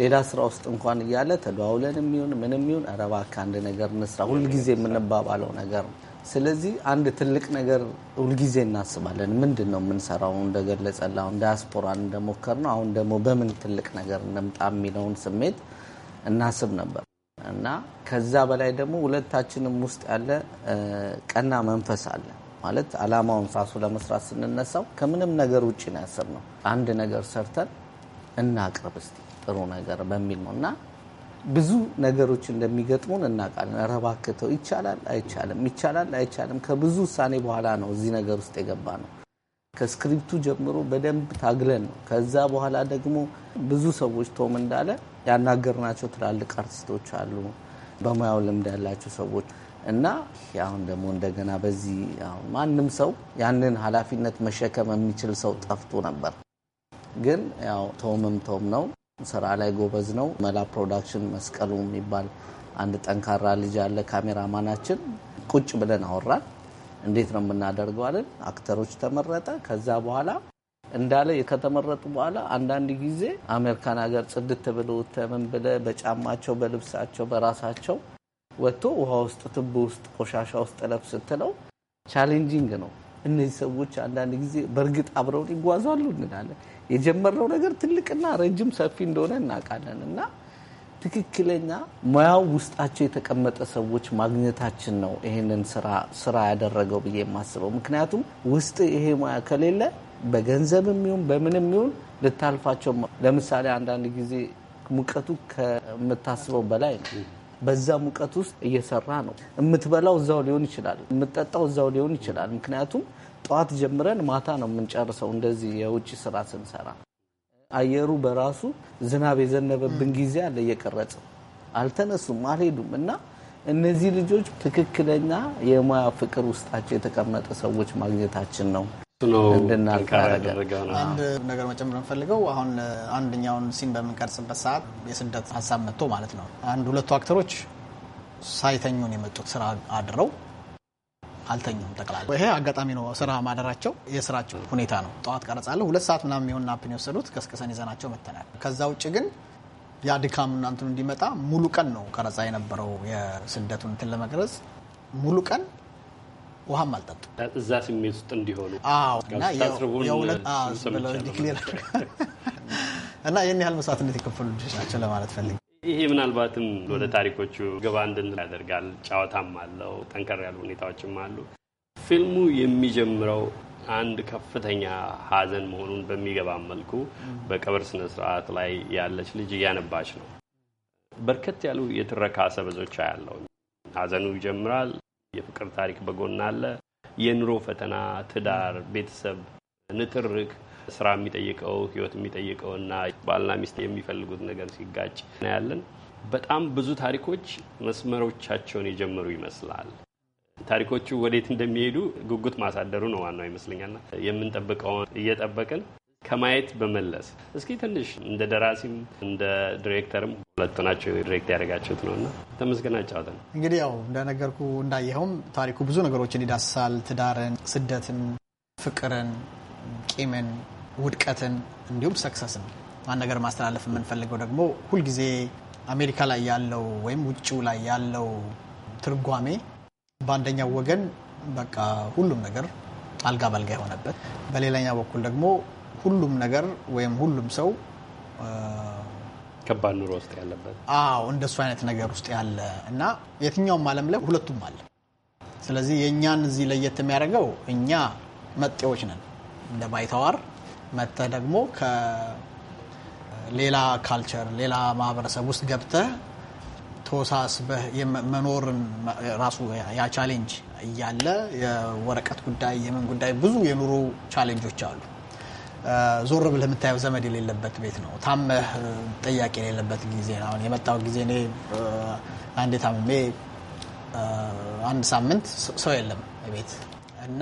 ሌላ ስራ ውስጥ እንኳን እያለ ተደዋውለን የሚሆን ምን የሚሆን ረባ ከአንድ አንድ ነገር እንስራ ሁልጊዜ የምንባባለው ነገር ነው። ስለዚህ አንድ ትልቅ ነገር ሁልጊዜ እናስባለን። ምንድን ነው የምንሰራው? እንደገለጸላ አሁን ዳያስፖራን እንደሞከር ነው አሁን ደግሞ በምን ትልቅ ነገር እንደምጣ የሚለውን ስሜት እናስብ ነበር እና ከዛ በላይ ደግሞ ሁለታችንም ውስጥ ያለ ቀና መንፈስ አለ ማለት አላማውን ራሱ ለመስራት ስንነሳው ከምንም ነገር ውጭ ነው ያሰብነው። አንድ ነገር ሰርተን እናቅርብ እስቲ ጥሩ ነገር በሚል ነው እና ብዙ ነገሮች እንደሚገጥሙን እናውቃለን። ረባክተው ይቻላል አይቻልም፣ ይቻላል አይቻልም። ከብዙ ውሳኔ በኋላ ነው እዚህ ነገር ውስጥ የገባ ነው። ከስክሪፕቱ ጀምሮ በደንብ ታግለን ነው። ከዛ በኋላ ደግሞ ብዙ ሰዎች ቶም እንዳለ ያናገርናቸው ትላልቅ አርቲስቶች አሉ፣ በሙያው ልምድ ያላቸው ሰዎች እና አሁን ደግሞ እንደገና በዚህ ማንም ሰው ያንን ኃላፊነት መሸከም የሚችል ሰው ጠፍቶ ነበር። ግን ያው ቶምም ቶም ነው ስራ ላይ ጎበዝ ነው። መላ ፕሮዳክሽን መስቀሉ የሚባል አንድ ጠንካራ ልጅ አለ። ካሜራማናችን ቁጭ ብለን አወራን። እንዴት ነው የምናደርገው አለን። አክተሮች ተመረጠ። ከዛ በኋላ እንዳለ ከተመረጡ በኋላ አንዳንድ ጊዜ አሜሪካን ሀገር ጽድት ብሎ ተምን ብለ በጫማቸው በልብሳቸው በራሳቸው ወጥቶ ውሃ ውስጥ ትብ ውስጥ ቆሻሻ ውስጥ ጥለብ ስትለው ቻሌንጂንግ ነው። እነዚህ ሰዎች አንዳንድ ጊዜ በእርግጥ አብረውን ይጓዛሉ እንላለን። የጀመርነው ነገር ትልቅና ረጅም ሰፊ እንደሆነ እናውቃለን እና ትክክለኛ ሙያው ውስጣቸው የተቀመጠ ሰዎች ማግኘታችን ነው ይህንን ስራ ያደረገው ብዬ የማስበው። ምክንያቱም ውስጥ ይሄ ሙያ ከሌለ በገንዘብም ይሁን በምንም ይሁን ልታልፋቸው። ለምሳሌ አንዳንድ ጊዜ ሙቀቱ ከምታስበው በላይ ነው። በዛ ሙቀት ውስጥ እየሰራ ነው። የምትበላው እዛው ሊሆን ይችላል፣ የምትጠጣው እዛው ሊሆን ይችላል። ምክንያቱም ጠዋት ጀምረን ማታ ነው የምንጨርሰው። እንደዚህ የውጭ ስራ ስንሰራ አየሩ በራሱ ዝናብ የዘነበብን ጊዜ አለ እየቀረጽ አልተነሱም፣ አልሄዱም እና እነዚህ ልጆች ትክክለኛ የሙያ ፍቅር ውስጣቸው የተቀመጠ ሰዎች ማግኘታችን ነው እንድናልቅ አንድ ነገር መጨመር የምፈልገው አሁን አንደኛውን ሲን በምንቀርጽበት ሰዓት የስደት ሀሳብ መጥቶ ማለት ነው አንድ ሁለቱ አክተሮች ሳይተኙን የመጡት ስራ አድረው አልተኙም። ጠቅላላ ይሄ አጋጣሚ ነው። ስራ ማደራቸው የስራቸው ሁኔታ ነው። ጠዋት ቀረጻለሁ ሁለት ሰዓት ምናምን የሚሆን ናፕን የወሰዱት ቀስቅሰን ይዘናቸው መተናል። ከዛ ውጭ ግን ያ ድካም እናንትን እንዲመጣ ሙሉ ቀን ነው ቀረጻ የነበረው። የስደቱን እንትን ለመቅረጽ ሙሉ ቀን ውሃም አልጠጡ እዛ ስሜት ውስጥ እንዲሆኑ እና ይህን ያህል መስዋዕትነት የከፈሉ ልጆች ናቸው ለማለት ፈልግ ይሄ ምናልባትም ወደ ታሪኮቹ ገባ እንድን ያደርጋል። ጨዋታም አለው፣ ጠንከር ያሉ ሁኔታዎችም አሉ። ፊልሙ የሚጀምረው አንድ ከፍተኛ ሐዘን መሆኑን በሚገባ መልኩ በቀብር ስነ ስርዓት ላይ ያለች ልጅ እያነባች ነው። በርከት ያሉ የትረካ ሰበዞች ያለው ሐዘኑ ይጀምራል። የፍቅር ታሪክ በጎን አለ። የኑሮ ፈተና፣ ትዳር፣ ቤተሰብ፣ ንትርክ ስራ የሚጠይቀው ህይወት እና ባልና ሚስት የሚፈልጉት ነገር ሲጋጭ እናያለን። በጣም ብዙ ታሪኮች መስመሮቻቸውን የጀመሩ ይመስላል። ታሪኮቹ ወዴት እንደሚሄዱ ጉጉት ማሳደሩ ነው ዋናው ይመስለኛልና የምንጠብቀውን እየጠበቅን ከማየት በመለስ እስኪ ትንሽ እንደ ደራሲም እንደ ዲሬክተርም ሁለቱ ናቸው ዲሬክት ያደረጋችሁት ነው እና ተመስገን አጫውተን። እንግዲህ ያው እንደነገርኩ እንዳየኸውም ታሪኩ ብዙ ነገሮችን ይዳስሳል። ትዳርን፣ ስደትን፣ ፍቅርን፣ ቂምን፣ ውድቀትን እንዲሁም ሰክሰስን አንድ ነገር ማስተላለፍ የምንፈልገው ደግሞ ሁልጊዜ አሜሪካ ላይ ያለው ወይም ውጭው ላይ ያለው ትርጓሜ በአንደኛው ወገን በቃ ሁሉም ነገር አልጋ በልጋ የሆነበት፣ በሌላኛው በኩል ደግሞ ሁሉም ነገር ወይም ሁሉም ሰው ከባድ ኑሮ ውስጥ ያለበት፣ አዎ እንደሱ አይነት ነገር ውስጥ ያለ እና የትኛውም ዓለም ላይ ሁለቱም አለ። ስለዚህ የእኛን እዚህ ለየት የሚያደርገው እኛ መጤዎች ነን። እንደ ባይተዋር መጥተ ደግሞ ከሌላ ካልቸር ሌላ ማህበረሰብ ውስጥ ገብተ ተወሳስበህ መኖርን ራሱ ያ ቻሌንጅ እያለ የወረቀት ጉዳይ የምን ጉዳይ ብዙ የኑሮ ቻሌንጆች አሉ። ዞር ብለህ የምታየው ዘመድ የሌለበት ቤት ነው። ታመህ ጠያቂ የሌለበት ጊዜ ነው። አሁን የመጣው ጊዜ እኔ አንዴ ታምሜ አንድ ሳምንት ሰው የለም ቤት እና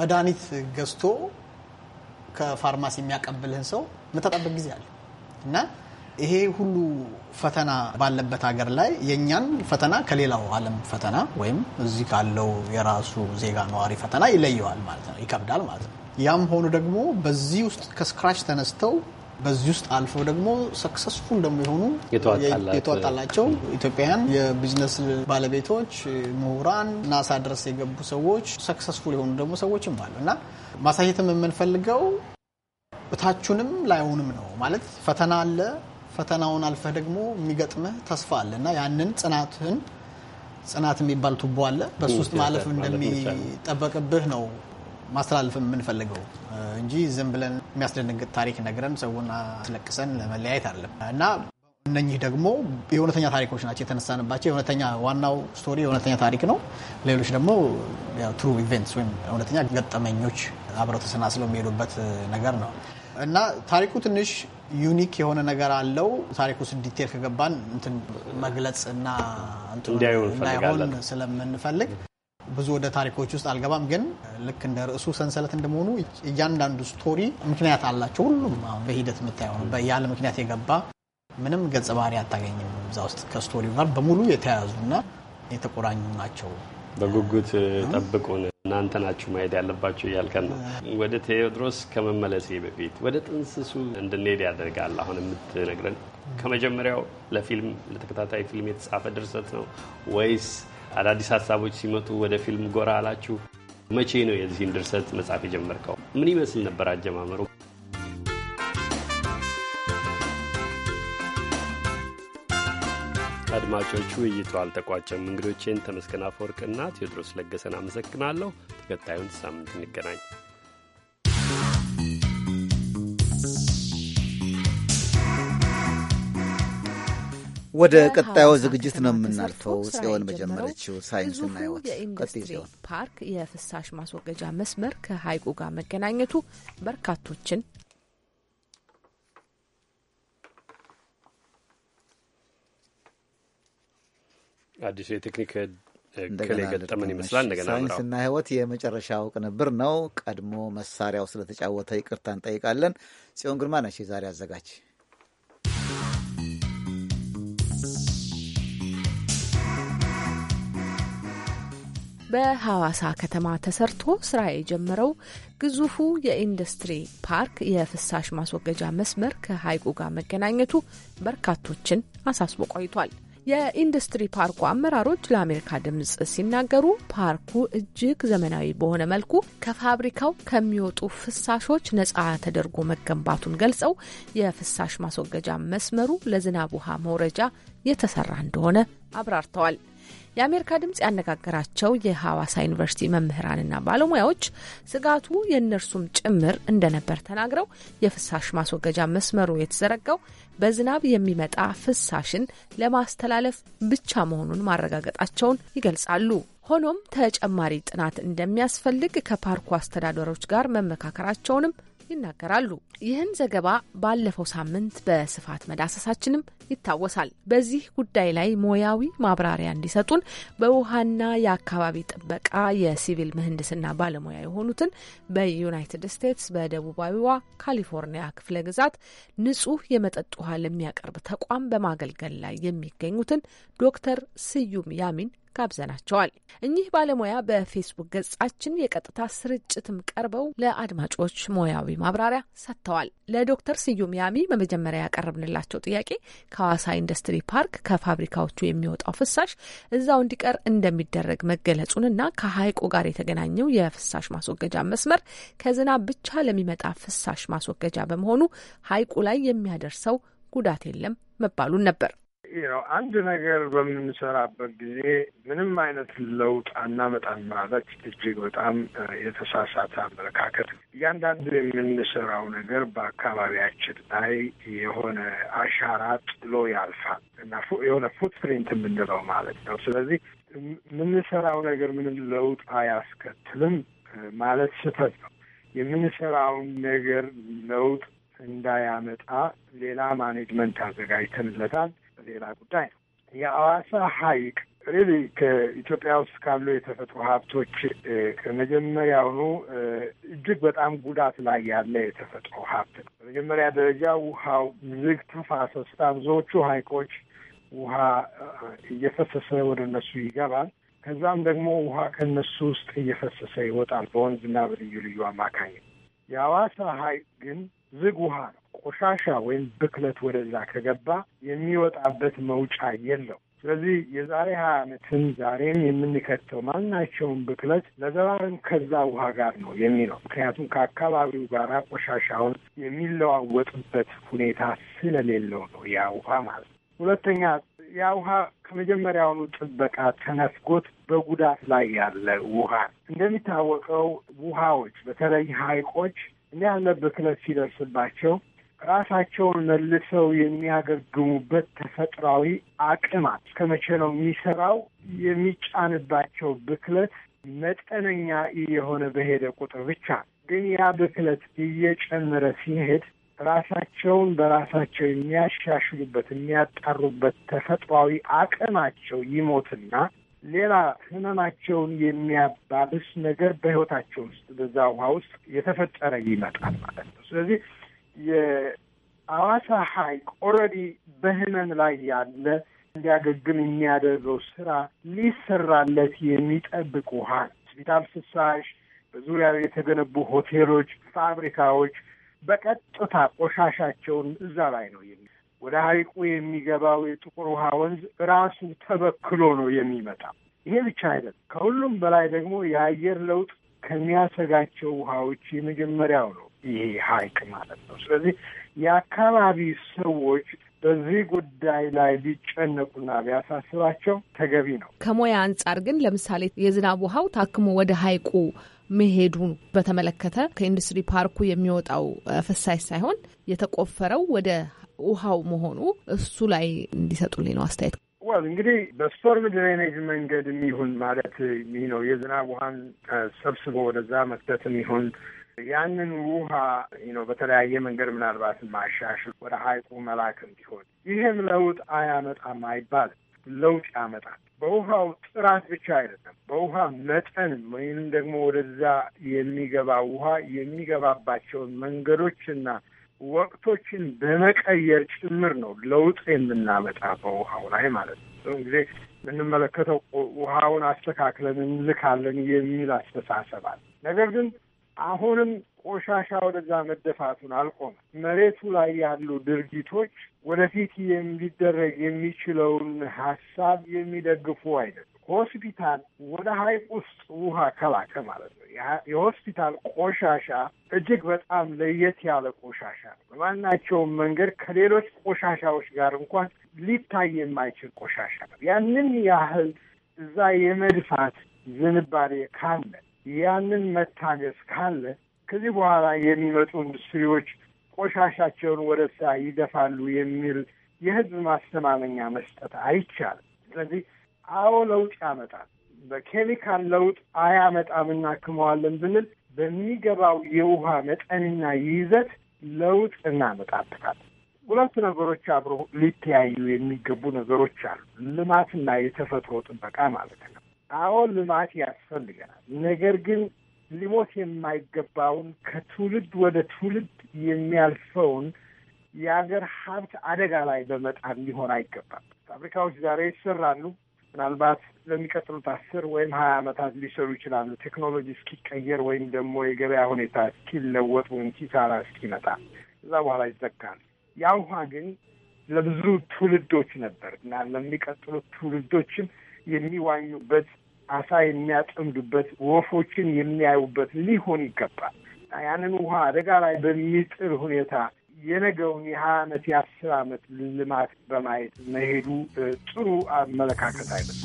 መድኃኒት ገዝቶ ከፋርማሲ የሚያቀብልህን ሰው የምታጣበት ጊዜ አለ እና ይሄ ሁሉ ፈተና ባለበት ሀገር ላይ የእኛን ፈተና ከሌላው ዓለም ፈተና ወይም እዚህ ካለው የራሱ ዜጋ ነዋሪ ፈተና ይለየዋል ማለት ነው፣ ይከብዳል ማለት ነው። ያም ሆኖ ደግሞ በዚህ ውስጥ ከስክራች ተነስተው በዚህ ውስጥ አልፈው ደግሞ ሰክሰስፉል እንደሚሆኑ የተዋጣላቸው ኢትዮጵያውያን የቢዝነስ ባለቤቶች፣ ምሁራን፣ ናሳ ድረስ የገቡ ሰዎች ሰክሰስፉል የሆኑ ደግሞ ሰዎችም አሉ እና ማሳየትም የምንፈልገው እታችንም ላይሆንም ነው ማለት ፈተና አለ። ፈተናውን አልፈህ ደግሞ የሚገጥምህ ተስፋ አለ እና ያንን ጽናትህን ጽናት የሚባል ቱቦ አለ በሱ ውስጥ ማለፍ እንደሚጠበቅብህ ነው ማስተላለፍ የምንፈልገው እንጂ ዝም ብለን የሚያስደነግጥ ታሪክ ነግረን ሰውን አስለቅሰን ለመለያየት አለም እና እነኚህ ደግሞ የእውነተኛ ታሪኮች ናቸው የተነሳንባቸው። የእውነተኛ ዋናው ስቶሪ የእውነተኛ ታሪክ ነው። ሌሎች ደግሞ ትሩ ኢቨንትስ ወይም እውነተኛ ገጠመኞች አብረው ተሰናስለው የሚሄዱበት ነገር ነው እና ታሪኩ ትንሽ ዩኒክ የሆነ ነገር አለው። ታሪኩ ውስጥ ዲቴል ከገባን እንትን መግለጽ እና እንዳይሆን ስለምንፈልግ ብዙ ወደ ታሪኮች ውስጥ አልገባም፣ ግን ልክ እንደ ርዕሱ ሰንሰለት እንደመሆኑ እያንዳንዱ ስቶሪ ምክንያት አላቸው። ሁሉም አሁን በሂደት የምታየው ያለ ምክንያት የገባ ምንም ገጸ ባህሪ አታገኝም። እዛ ውስጥ ከስቶሪው ጋር በሙሉ የተያያዙና የተቆራኙ ናቸው። በጉጉት ጠብቁን፣ እናንተ ናችሁ ማየት ያለባችሁ እያልከን ነው። ወደ ቴዎድሮስ ከመመለሴ በፊት ወደ ጥንስሱ እንድንሄድ ያደርጋል። አሁን የምትነግረን ከመጀመሪያው ለፊልም ለተከታታይ ፊልም የተጻፈ ድርሰት ነው ወይስ አዳዲስ ሀሳቦች ሲመጡ ወደ ፊልም ጎራ አላችሁ። መቼ ነው የዚህን ድርሰት መጽሐፍ የጀመርከው? ምን ይመስል ነበር አጀማመሩ? አድማጮቹ ውይይቱ አልተቋጨም። እንግዶቼን ተመስገን አፈወርቅና ቴዎድሮስ ለገሰን አመሰግናለሁ። ተከታዩን ሳምንት እንገናኝ። ወደ ቀጣዩ ዝግጅት ነው የምናልፈው። ጽዮን በጀመረችው ሳይንሱና ሕይወት ፓርክ የፍሳሽ ማስወገጃ መስመር ከሀይቁ ጋር መገናኘቱ በርካቶችን አዲሱ የቴክኒክ ክል የገጠምን ይመስላል። እንደገና ሳይንስና ሕይወት የመጨረሻው ቅንብር ነው። ቀድሞ መሳሪያው ስለተጫወተ ይቅርታ እንጠይቃለን። ጽዮን ግርማ ነች የዛሬ አዘጋጅ። በሐዋሳ ከተማ ተሰርቶ ስራ የጀመረው ግዙፉ የኢንዱስትሪ ፓርክ የፍሳሽ ማስወገጃ መስመር ከሐይቁ ጋር መገናኘቱ በርካቶችን አሳስቦ ቆይቷል። የኢንዱስትሪ ፓርኩ አመራሮች ለአሜሪካ ድምፅ ሲናገሩ ፓርኩ እጅግ ዘመናዊ በሆነ መልኩ ከፋብሪካው ከሚወጡ ፍሳሾች ነፃ ተደርጎ መገንባቱን ገልጸው የፍሳሽ ማስወገጃ መስመሩ ለዝናብ ውሃ መውረጃ የተሰራ እንደሆነ አብራርተዋል። የአሜሪካ ድምጽ ያነጋገራቸው የሐዋሳ ዩኒቨርሲቲ መምህራንና ባለሙያዎች ስጋቱ የእነርሱም ጭምር እንደነበር ተናግረው የፍሳሽ ማስወገጃ መስመሩ የተዘረጋው በዝናብ የሚመጣ ፍሳሽን ለማስተላለፍ ብቻ መሆኑን ማረጋገጣቸውን ይገልጻሉ። ሆኖም ተጨማሪ ጥናት እንደሚያስፈልግ ከፓርኩ አስተዳደሮች ጋር መመካከራቸውንም ይናገራሉ። ይህን ዘገባ ባለፈው ሳምንት በስፋት መዳሰሳችንም ይታወሳል። በዚህ ጉዳይ ላይ ሞያዊ ማብራሪያ እንዲሰጡን በውሃና የአካባቢ ጥበቃ የሲቪል ምህንድስና ባለሙያ የሆኑትን በዩናይትድ ስቴትስ በደቡባዊዋ ካሊፎርኒያ ክፍለ ግዛት ንጹህ የመጠጥ ውሃ ለሚያቀርብ ተቋም በማገልገል ላይ የሚገኙትን ዶክተር ስዩም ያሚን ጋብዘናቸዋል። እኚህ ባለሙያ በፌስቡክ ገጻችን የቀጥታ ስርጭትም ቀርበው ለአድማጮች ሙያዊ ማብራሪያ ሰጥተዋል። ለዶክተር ስዩም ያሚ በመጀመሪያ ያቀረብንላቸው ጥያቄ ከሐዋሳ ኢንዱስትሪ ፓርክ ከፋብሪካዎቹ የሚወጣው ፍሳሽ እዛው እንዲቀር እንደሚደረግ መገለጹንና ከሀይቁ ጋር የተገናኘው የፍሳሽ ማስወገጃ መስመር ከዝናብ ብቻ ለሚመጣ ፍሳሽ ማስወገጃ በመሆኑ ሀይቁ ላይ የሚያደርሰው ጉዳት የለም መባሉን ነበር። ነው። አንድ ነገር በምንሰራበት ጊዜ ምንም አይነት ለውጥ አናመጣን ማለት እጅግ በጣም የተሳሳተ አመለካከት ነው። እያንዳንዱ የምንሰራው ነገር በአካባቢያችን ላይ የሆነ አሻራ ጥሎ ያልፋል እና የሆነ ፉትፕሪንት የምንለው ማለት ነው። ስለዚህ የምንሰራው ነገር ምንም ለውጥ አያስከትልም ማለት ስህተት ነው። የምንሰራውን ነገር ለውጥ እንዳያመጣ ሌላ ማኔጅመንት አዘጋጅተንለታል። ሌላ ጉዳይ ነው። የአዋሳ ሐይቅ ሪሊ ከኢትዮጵያ ውስጥ ካሉ የተፈጥሮ ሀብቶች ከመጀመሪያውኑ እጅግ በጣም ጉዳት ላይ ያለ የተፈጥሮ ሀብት ነው። በመጀመሪያ ደረጃ ውሃው ዝግ ተፋሰስ፣ ብዙዎቹ ሀይቆች ውሃ እየፈሰሰ ወደ እነሱ ይገባል። ከዛም ደግሞ ውሃ ከእነሱ ውስጥ እየፈሰሰ ይወጣል በወንዝና በልዩ ልዩ አማካኝ። የአዋሳ ሀይቅ ግን ዝግ ውሃ ነው። ቆሻሻ ወይም ብክለት ወደዛ ከገባ የሚወጣበት መውጫ የለው። ስለዚህ የዛሬ ሀያ ዓመትም ዛሬን የምንከተው ማናቸውን ብክለት ለዘባርን ከዛ ውሃ ጋር ነው የሚለው። ምክንያቱም ከአካባቢው ጋር ቆሻሻውን የሚለዋወጥበት ሁኔታ ስለሌለው ነው ያ ውሃ ማለት ነው። ሁለተኛ ያ ውሃ ከመጀመሪያውኑ ጥበቃ ተነፍጎት በጉዳት ላይ ያለ ውሃ እንደሚታወቀው ውሃዎች በተለይ ሀይቆች። እኔ ያለ ብክነት ሲደርስባቸው ራሳቸውን መልሰው የሚያገግሙበት ተፈጥሯዊ አቅማት እስከ መቼ ነው የሚሰራው? የሚጫንባቸው ብክለት መጠነኛ የሆነ በሄደ ቁጥር ብቻ ግን ያ ብክለት እየጨመረ ሲሄድ ራሳቸውን በራሳቸው የሚያሻሽሉበት የሚያጣሩበት ተፈጥሯዊ አቅማቸው ይሞትና ሌላ ህመማቸውን የሚያባብስ ነገር በህይወታቸው ውስጥ በዛ ውሃ ውስጥ የተፈጠረ ይመጣል ማለት ነው። ስለዚህ የአዋሳ ሐይቅ ኦልሬዲ በህመም ላይ ያለ እንዲያገግም የሚያደርገው ስራ ሊሰራለት የሚጠብቅ ውሃ ሆስፒታል ፍሳሽ፣ በዙሪያው የተገነቡ ሆቴሎች፣ ፋብሪካዎች በቀጥታ ቆሻሻቸውን እዛ ላይ ነው የሚ ወደ ሀይቁ የሚገባው የጥቁር ውሃ ወንዝ ራሱ ተበክሎ ነው የሚመጣ። ይሄ ብቻ አይደለም። ከሁሉም በላይ ደግሞ የአየር ለውጥ ከሚያሰጋቸው ውሃዎች የመጀመሪያው ነው ይሄ ሀይቅ ማለት ነው። ስለዚህ የአካባቢ ሰዎች በዚህ ጉዳይ ላይ ቢጨነቁና ቢያሳስባቸው ተገቢ ነው። ከሙያ አንጻር ግን ለምሳሌ የዝናብ ውሃው ታክሞ ወደ ሀይቁ መሄዱ በተመለከተ ከኢንዱስትሪ ፓርኩ የሚወጣው ፍሳሽ ሳይሆን የተቆፈረው ወደ ውሃው መሆኑ እሱ ላይ እንዲሰጡልኝ ነው አስተያየት። ዋል እንግዲህ በስቶርም ድሬኔጅ መንገድ የሚሆን ማለት ይህ ነው የዝናብ ውሃን ሰብስቦ ወደዛ መስጠት የሚሆን ያንን ውሃ ነው በተለያየ መንገድ ምናልባት ማሻሽል ወደ ሀይቁ መላክ እንዲሆን ይህም ለውጥ አያመጣም አይባልም። ለውጥ ያመጣል። በውሃው ጥራት ብቻ አይደለም፣ በውሃ መጠን ወይም ደግሞ ወደዛ የሚገባ ውሃ የሚገባባቸውን መንገዶችና ወቅቶችን በመቀየር ጭምር ነው ለውጥ የምናመጣ በውሃው ላይ ማለት ነው። ብዙ ጊዜ የምንመለከተው ውሃውን አስተካክለን እንልካለን የሚል አስተሳሰብ አለ። ነገር ግን አሁንም ቆሻሻ ወደዛ መደፋቱን አልቆመ። መሬቱ ላይ ያሉ ድርጊቶች ወደፊት የሚደረግ የሚችለውን ሀሳብ የሚደግፉ አይደለም። ሆስፒታል ወደ ሀይቅ ውስጥ ውሃ ከላከ ማለት የሆስፒታል ቆሻሻ እጅግ በጣም ለየት ያለ ቆሻሻ ነው። በማናቸውም መንገድ ከሌሎች ቆሻሻዎች ጋር እንኳን ሊታይ የማይችል ቆሻሻ ነው። ያንን ያህል እዛ የመድፋት ዝንባሌ ካለ፣ ያንን መታገስ ካለ ከዚህ በኋላ የሚመጡ ኢንዱስትሪዎች ቆሻሻቸውን ወደዛ ይደፋሉ የሚል የህዝብ ማስተማመኛ መስጠት አይቻልም። ስለዚህ አዎ ለውጥ ያመጣል። በኬሚካል ለውጥ አያመጣም እናክመዋለን ብንል በሚገባው የውሃ መጠንና ይዘት ለውጥ እናመጣበታል። ሁለቱ ነገሮች አብሮ ሊተያዩ የሚገቡ ነገሮች አሉ። ልማትና የተፈጥሮ ጥበቃ ማለት ነው። አዎ ልማት ያስፈልገናል። ነገር ግን ሊሞት የማይገባውን ከትውልድ ወደ ትውልድ የሚያልፈውን የሀገር ሀብት አደጋ ላይ በመጣል ሊሆን አይገባም። ፋብሪካዎች ዛሬ ይሰራሉ፣ ምናልባት ለሚቀጥሉት አስር ወይም ሀያ ዓመታት ሊሰሩ ይችላሉ። ቴክኖሎጂ እስኪቀየር ወይም ደግሞ የገበያ ሁኔታ እስኪለወጥ ወይም ኪሳራ እስኪመጣ እዛ በኋላ ይዘጋል። ያ ውሃ ግን ለብዙ ትውልዶች ነበር እና ለሚቀጥሉት ትውልዶችም የሚዋኙበት አሳ የሚያጠምዱበት፣ ወፎችን የሚያዩበት ሊሆን ይገባል። ያንን ውሃ አደጋ ላይ በሚጥል ሁኔታ የነገውን የሀያ ዓመት የአስር አመት ልማት በማየት መሄዱ ጥሩ አመለካከት አይደለም።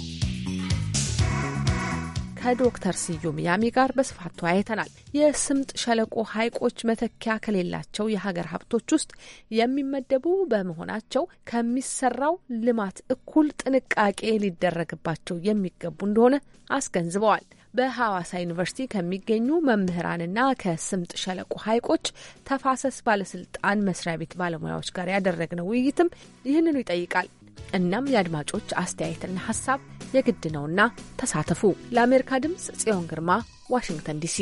ከዶክተር ስዩም ያሚ ጋር በስፋት ተወያይተናል። የስምጥ ሸለቆ ሐይቆች መተኪያ ከሌላቸው የሀገር ሀብቶች ውስጥ የሚመደቡ በመሆናቸው ከሚሰራው ልማት እኩል ጥንቃቄ ሊደረግባቸው የሚገቡ እንደሆነ አስገንዝበዋል። በሐዋሳ ዩኒቨርሲቲ ከሚገኙ መምህራንና ከስምጥ ሸለቆ ሐይቆች ተፋሰስ ባለስልጣን መስሪያ ቤት ባለሙያዎች ጋር ያደረግነው ውይይትም ይህንኑ ይጠይቃል። እናም የአድማጮች አስተያየትና ሀሳብ የግድ ነውና ተሳተፉ። ለአሜሪካ ድምፅ ጽዮን ግርማ ዋሽንግተን ዲሲ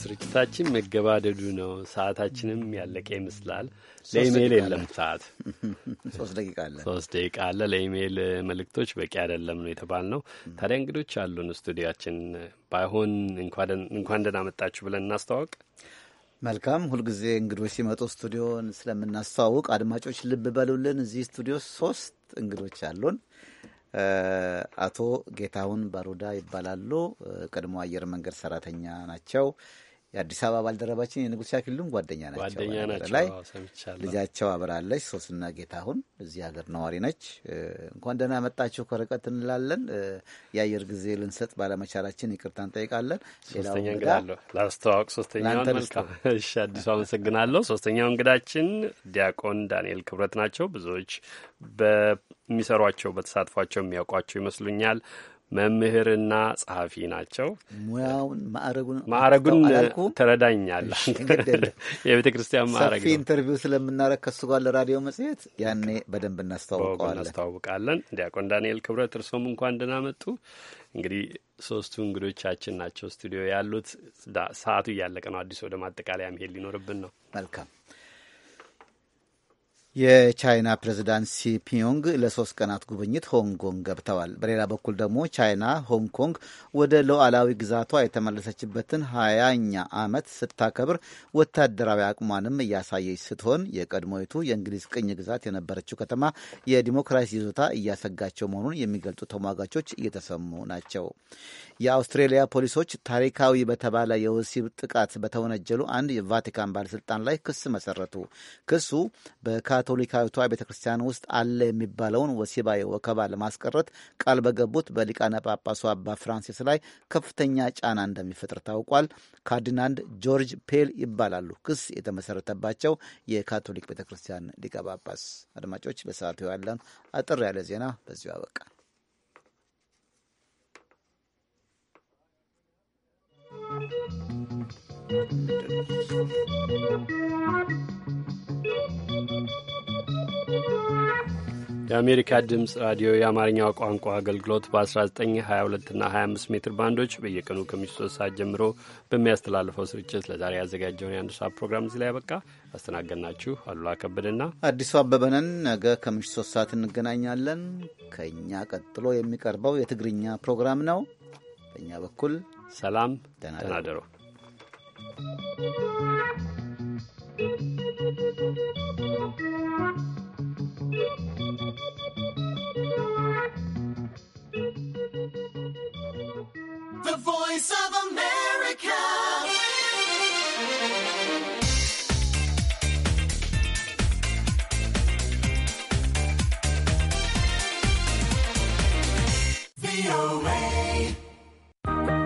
ስርጭታችን መገባደዱ ነው። ሰዓታችንም ያለቀ ይመስላል። ለኢሜይል የለም ሰዓት ሶስት ደቂቃ አለ ሶስት ደቂቃ አለ። ለኢሜይል መልእክቶች በቂ አይደለም ነው የተባል ነው። ታዲያ እንግዶች አሉን ስቱዲያችን። ባይሆን እንኳን ደህና መጣችሁ ብለን እናስተዋወቅ። መልካም ሁልጊዜ እንግዶች ሲመጡ ስቱዲዮን ስለምናስተዋውቅ አድማጮች ልብ በሉልን። እዚህ ስቱዲዮ ሶስት እንግዶች አሉን። አቶ ጌታሁን ባሩዳ ይባላሉ። ቀድሞ አየር መንገድ ሰራተኛ ናቸው። የአዲስ አበባ ባልደረባችን የንጉሥ ሻኪሉም ጓደኛ ናቸው። ላይ ልጃቸው አብራለች። ሶስና ጌታሁን እዚህ ሀገር ነዋሪ ነች። እንኳን ደህና መጣችሁ ከርቀት እንላለን። የአየር ጊዜ ልንሰጥ ባለመቻላችን ይቅርታ እንጠይቃለን። ሶስተኛ ላስተዋወቅ። ሶስተኛውን መልካም። እሺ፣ አዲሱ አመሰግናለሁ። ሶስተኛው እንግዳችን ዲያቆን ዳንኤል ክብረት ናቸው። ብዙዎች በሚሰሯቸው በተሳትፏቸው የሚያውቋቸው ይመስሉኛል። መምህርና ጸሐፊ ናቸው። ሙያውን ማዕረጉን ተረዳኛል። የቤተ ክርስቲያን ማዕረግ ሰፊ ኢንተርቪው ስለምናረግ ከሱ ጋር ለራዲዮ መጽሔት ያኔ በደንብ እናስተዋውቀዋለን። ዲያቆን ዳንኤል ክብረት እርሶም እንኳን ደህና መጡ። እንግዲህ ሶስቱ እንግዶቻችን ናቸው ስቱዲዮ ያሉት። ሰዓቱ እያለቀ ነው። አዲስ ወደ ማጠቃለያ መሄድ ሊኖርብን ነው። መልካም የቻይና ፕሬዚዳንት ሲፒዮንግ ለሶስት ቀናት ጉብኝት ሆንግ ኮንግ ገብተዋል። በሌላ በኩል ደግሞ ቻይና ሆንግ ኮንግ ወደ ሉዓላዊ ግዛቷ የተመለሰችበትን ሀያኛ ዓመት ስታከብር ወታደራዊ አቅሟንም እያሳየች ስትሆን የቀድሞይቱ የእንግሊዝ ቅኝ ግዛት የነበረችው ከተማ የዲሞክራሲ ይዞታ እያሰጋቸው መሆኑን የሚገልጹ ተሟጋቾች እየተሰሙ ናቸው። የአውስትሬሊያ ፖሊሶች ታሪካዊ በተባለ የወሲብ ጥቃት በተወነጀሉ አንድ የቫቲካን ባለሥልጣን ላይ ክስ መሰረቱ። ክሱ በካቶሊካዊቷ ቤተ ክርስቲያን ውስጥ አለ የሚባለውን ወሲባዊ ወከባ ለማስቀረት ቃል በገቡት በሊቃነ ጳጳሱ አባ ፍራንሲስ ላይ ከፍተኛ ጫና እንደሚፈጥር ታውቋል። ካርዲናንድ ጆርጅ ፔል ይባላሉ ክስ የተመሰረተባቸው የካቶሊክ ቤተ ክርስቲያን ሊቀ ጳጳስ። አድማጮች፣ ለሰዓቱ ያለን አጠር ያለ ዜና በዚሁ አበቃ። የአሜሪካ ድምፅ ራዲዮ የአማርኛው ቋንቋ አገልግሎት በ1922 እና 25 ሜትር ባንዶች በየቀኑ ከምሽቱ ሰዓት ጀምሮ በሚያስተላልፈው ስርጭት ለዛሬ ያዘጋጀውን የአንድ ሰዓት ፕሮግራም እዚህ ላይ ያበቃ። አስተናገድናችሁ አሉላ ከበደና አዲሱ አበበነን። ነገ ከምሽቱ ሶስት ሰዓት እንገናኛለን። ከእኛ ቀጥሎ የሚቀርበው የትግርኛ ፕሮግራም ነው። በእኛ በኩል ሰላም ተናደሩ። The Voice of America. The